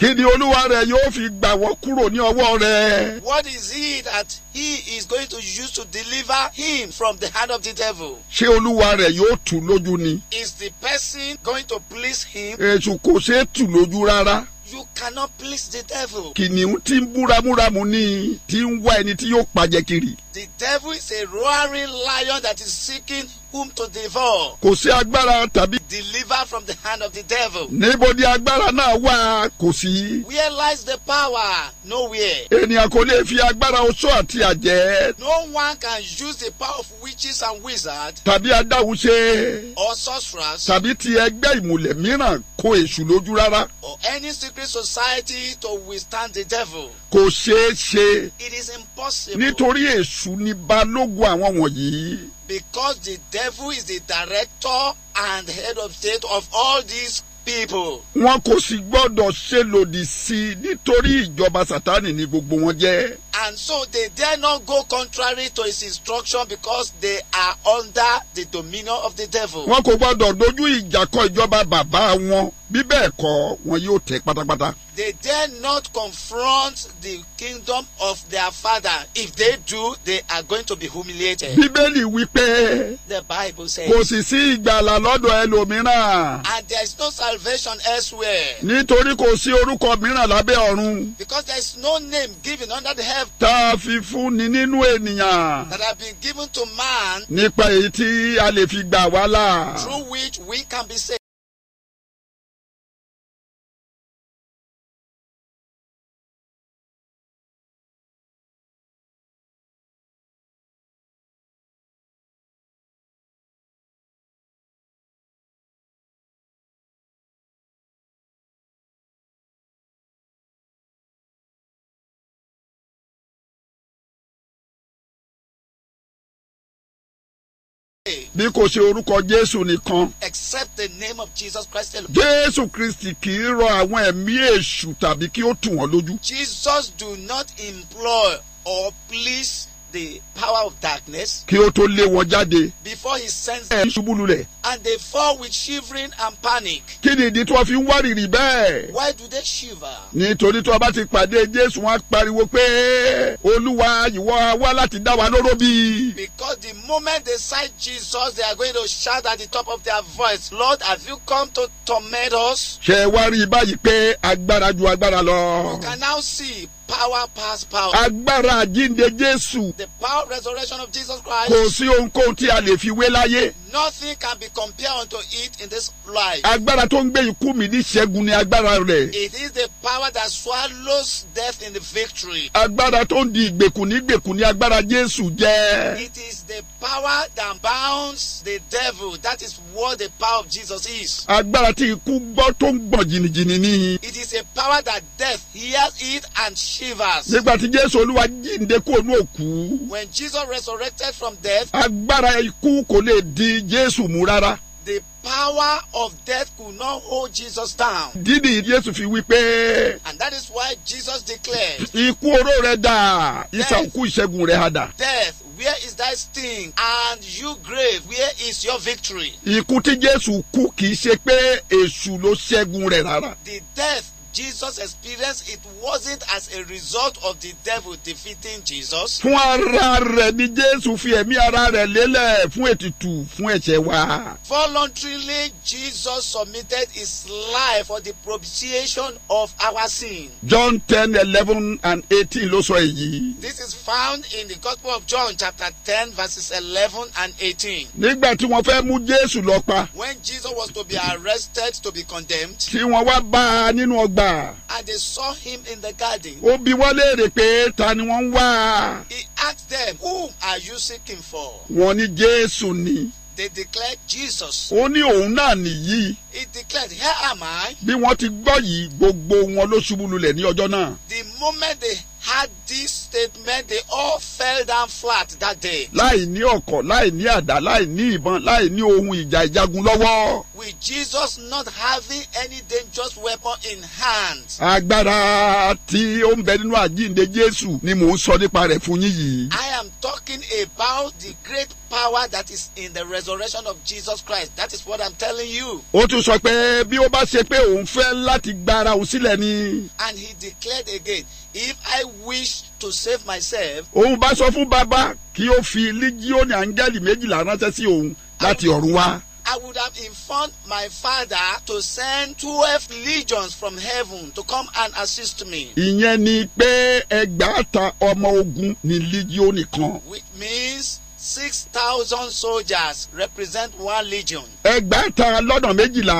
kí ni olúwa rẹ yóò fi gbà wọ́n kúrò ní ọwọ́ rẹ. what is he that he is going to use to deliver him from the hand of the devil. ṣé olúwa rẹ yóò tù lójú ni. is the person going to please him. èṣù kò ṣeé tù lójú rárá. You cannot please the devil. kìnìún tí ń bú ni tí ń wá ẹni tí yóò pàjẹ́ kiri. The devil is a roaring lion that is seeking whom to devour. Kò sí agbára tàbí. Deliver from the hand of the devil. Níbo ni agbára náà wà kò sí. Where lies the power? Nowhere. Ènìyàn kò lè fi agbára oṣó àti àjẹ́. No one can use the power of witches and wizards. Tàbí adáhunṣe. Or sorcerers. Tàbí ti ẹgbẹ́ ìmùlẹ̀ mìíràn kó èṣù lójú rárá. Or any secret society to withstand the devil. Kò ṣeé ṣe. It is impossible. Nítorí èṣù èṣù ni balógun àwọn wọ̀nyí. because the devil is the director and head of state of all these people. wọn kò sì gbọ́dọ̀ ṣe lòdì sí i nítorí ìjọba sátánì ni gbogbo wọn jẹ́. and so they dare not go contrary to his instruction because they are under the dominion of the devil. wọn kò gbọ́dọ̀ dojú ìjà kọ ìjọba bàbá wọn bí bẹ́ẹ̀ kọ́ wọn yóò tẹ́ pátápátá. they dare not confront the kingdom of their father if they do they are going to be humiliated. bíbélì wí pé. the bible says. kò sì sí ìgbàlà lọ́dọ̀ ẹlòmíràn. and there is no salvation elsewhere. nítorí kò sí orúkọ mìíràn lábẹ́ ọ̀run. because there is no name given under the heaven. tá a fi fún ni nínú ènìyàn. that have been given to man. nípa èyí tí a lè fi gbà wá là. through which we can be saved. bí kò ṣe orúkọ jésù nìkan. except the name of jesus christ alone. jésù kristi kì í rọ àwọn ẹ̀mí èṣù tàbí kí ó tù wọ́n lójú. jesus do not implore or please the power of darkness. kí ó tó lé wọn jáde. before he sends them. ṣubú lulẹ̀. and they fall with shivering and panic. kí ni ìdí tí wọ́n fi ń wárìrì bẹ́ẹ̀. why do they shiver. nítorí tí wọ́n bá ti pàdé jésù wọn pariwo pé olúwa ìwọ wá láti dá wa lóró bí. because the moment they sight Jesus they are going to shout at the top of their voice Lord have you come to torment us. ṣé wá rí i báyìí pé agbára ju agbára lọ. you can now see power pass power. agbára àjíǹde Jésù. the power of resurrection of Jesus Christ. kò sí ohunkóhun tí a lè fi wé láyé. nothing can be compared unto it in this life. agbára tó ń gbé ikú mi ní ìṣẹ́gun ni agbára rẹ̀. it is the power that swallows death in the victory. agbára tó ń di ìgbèkùn ní ìgbèkùn ni agbára Jésù jẹ́. it is the power that bounds the devil that is what the power of Jesus is. agbára tí ikú gbọ́ tó ń gbọ̀n jìnnìjìnnì ni. it is a power that death hears it and shares shivers. nígbà tí jésù olúwa jíǹde kó nú òkú. when jesus resurrected from death. agbára ikú kò lè di jésù mú rárá. the power of death could not hold Jesus down. Dídì Jésù fi wí pé. And that is why Jesus declared. Ikú oró rẹ̀ dà, ìsànkú ìṣẹ́gun rẹ̀ hà Death where is thy sting and you grave where is your victory. Ikú tí Jésù kú kì í ṣe pé èṣù ló ṣẹ́gun rẹ̀ rárá. The death Jesus experienced it wasn't as a result of the devil defeating Jesus. Fún ara rẹ̀ ni Jésù fi ẹ̀mí ara rẹ̀ lélẹ̀ fún ètùtù fún ẹ̀ṣẹ̀ wa. Voluntarily Jesus submitted his life for the propitiation of our sin. John ten eleven and eighteen ló sọ èyí. This is found in the Gospel of John chapter ten verses eleven and eighteen. Nígbà tí wọ́n fẹ́ mú Jésù lọ pa. When Jesus was to be arrested to be condemned. Tí wọ́n wá bá a nínú ọgbà àgbà. and they saw him in the garden. ó bi wọ́n léèrè pé ta ni wọ́n ń wá. he asked them whom are you seeking for. wọ́n ní jésù ni. they declared Jesus. ó ní òun náà nìyí. he declared here am I. bí wọ́n ti gbọ́ yìí gbogbo wọn ló ṣubú lulẹ̀ ní ọjọ́ náà. the moment they had this statement they all fell down flat that day. láì ní ọ̀kọ̀ láì ní àdá láì ní ìbọn láì ní ohun ìjà ìjagun lọ́wọ́. with Jesus not having any dangerous weapon in hand. agbára tí ó ń bẹ nínú àjíǹde Jésù ni mò ń sọ nípa rẹ̀ fún yín yìí. I am talking talking about the great power that is in the resurrection of Jesus Christ. That is what I'm telling you. Ó tún sọ pé bí ó bá ṣe pé òun fẹ́ láti gba òun sílẹ̀ ni. And he declared again, if I wish to save myself. Òun bá sọ fún bàbá kí ó fi lígíọ́nì áńgẹ́lì méjìlá ránṣẹ́ sí òun láti ọ̀run wá. I would have informed my father to send twelve legions from heaven to come and assist me. Ìyẹn ni pé ẹgbàáta ọmọ ogun ni lígíọ̀nì kan. Which means six thousand soldiers represent one legion. ẹgbàáta lọ́nà méjìlá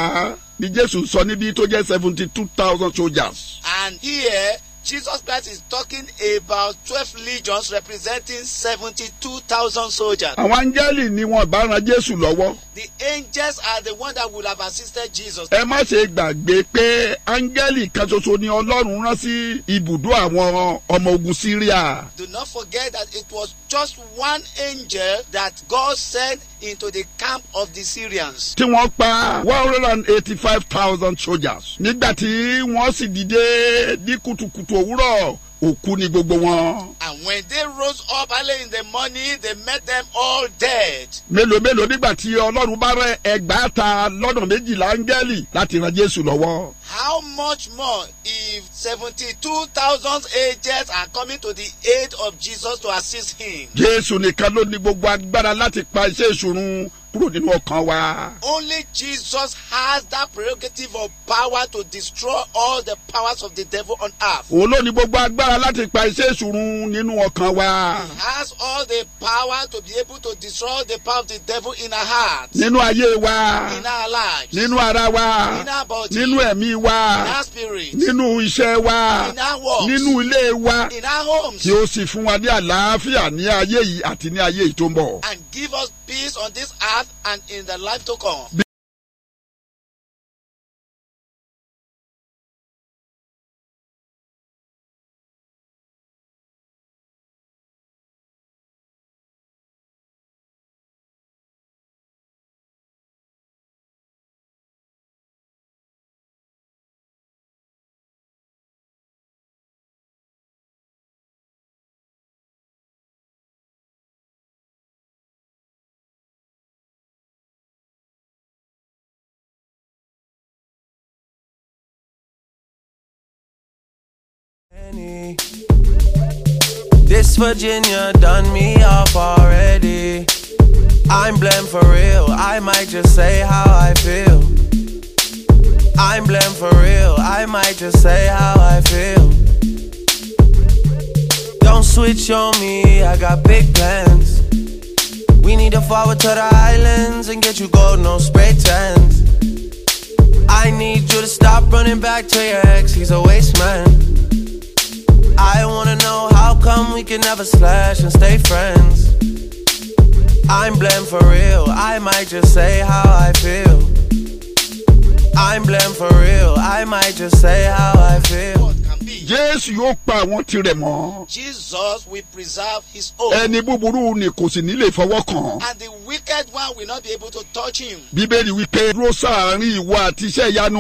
ni Jésù sọ níbi tó jẹ́ seventy two thousand soldiers. And here Jesus Christ is talking about twelve legions representing seventy-two thousand soldiers. Àwọn áńgẹ́lì ni wọ́n bá ran Jésù lọ́wọ́. The angels are the ones that will have assisted Jesus. Ẹ má ṣe gbàgbé pé áńgẹ́lì kan ṣoṣo ni Ọlọ́run rán sí ibùdó àwọn ọmọ ogun Syria. Do not forget that it was just one angel that God sent into the camp of the Syrians. Tí wọ́n pa one hundred and eighty-five thousand soldiers. Nígbà tí wọ́n sì dìde ní kùtùkùtù òwúrọ̀ òkú ni gbogbo wọn. and when they rose up early in the morning they met them all dead. mélòó mélòó nígbà tí ọlọ́run bá rẹ ẹgbàáta lọ́nà méjìlá áńgẹ́lì láti ran jésù lọ́wọ́. how much more if seventy-two thousand angels are coming to the aid of Jesus to assist him. jésù nìkan ló ní gbogbo agbára láti pa iṣẹ́ ìṣòro kúrò nínú ọkàn wa. Only Jesus has that prerogative of power to destroy all the powers of the devil on earth. Òun ló ní gbogbo agbára láti pa iṣẹ́ ìṣòro nínú ọkàn wa. He has all the power to be able to destroy the power of the devil in our hearts. Nínú ayé wa. In our lives. Nínú ara wa. In our body. Nínú ẹ̀mí wa. In our spirit. Nínú iṣẹ́ wa. In our works. Nínú ilé wa. In our homes. Kí ó sì fún wa ní àlàáfíà ní ayé yìí àti ní ayé yìí tó ń bọ̀. And give us peace on this earth and in the life to come. Miss Virginia done me off already. I'm blamed for real, I might just say how I feel. I'm blamed for real, I might just say how I feel. Don't switch on me, I got big plans. We need to forward to the islands and get you gold, no spray tans. I need you to stop running back to your ex, he's a waste man. I wanna know how come we can never slash and stay friends. I'm blamed for real, I might just say how I feel. I'm blamed for real, I might just say how I feel. Yes, Jésù won't àwọn them all. Jesus will preserve his own. Ẹni búburú ni kò ní lè fọwọ́ kàn. And the wicked one will not be able to touch him. Bíbélì wípé dúró sáàárín ìwọ àti iṣẹ́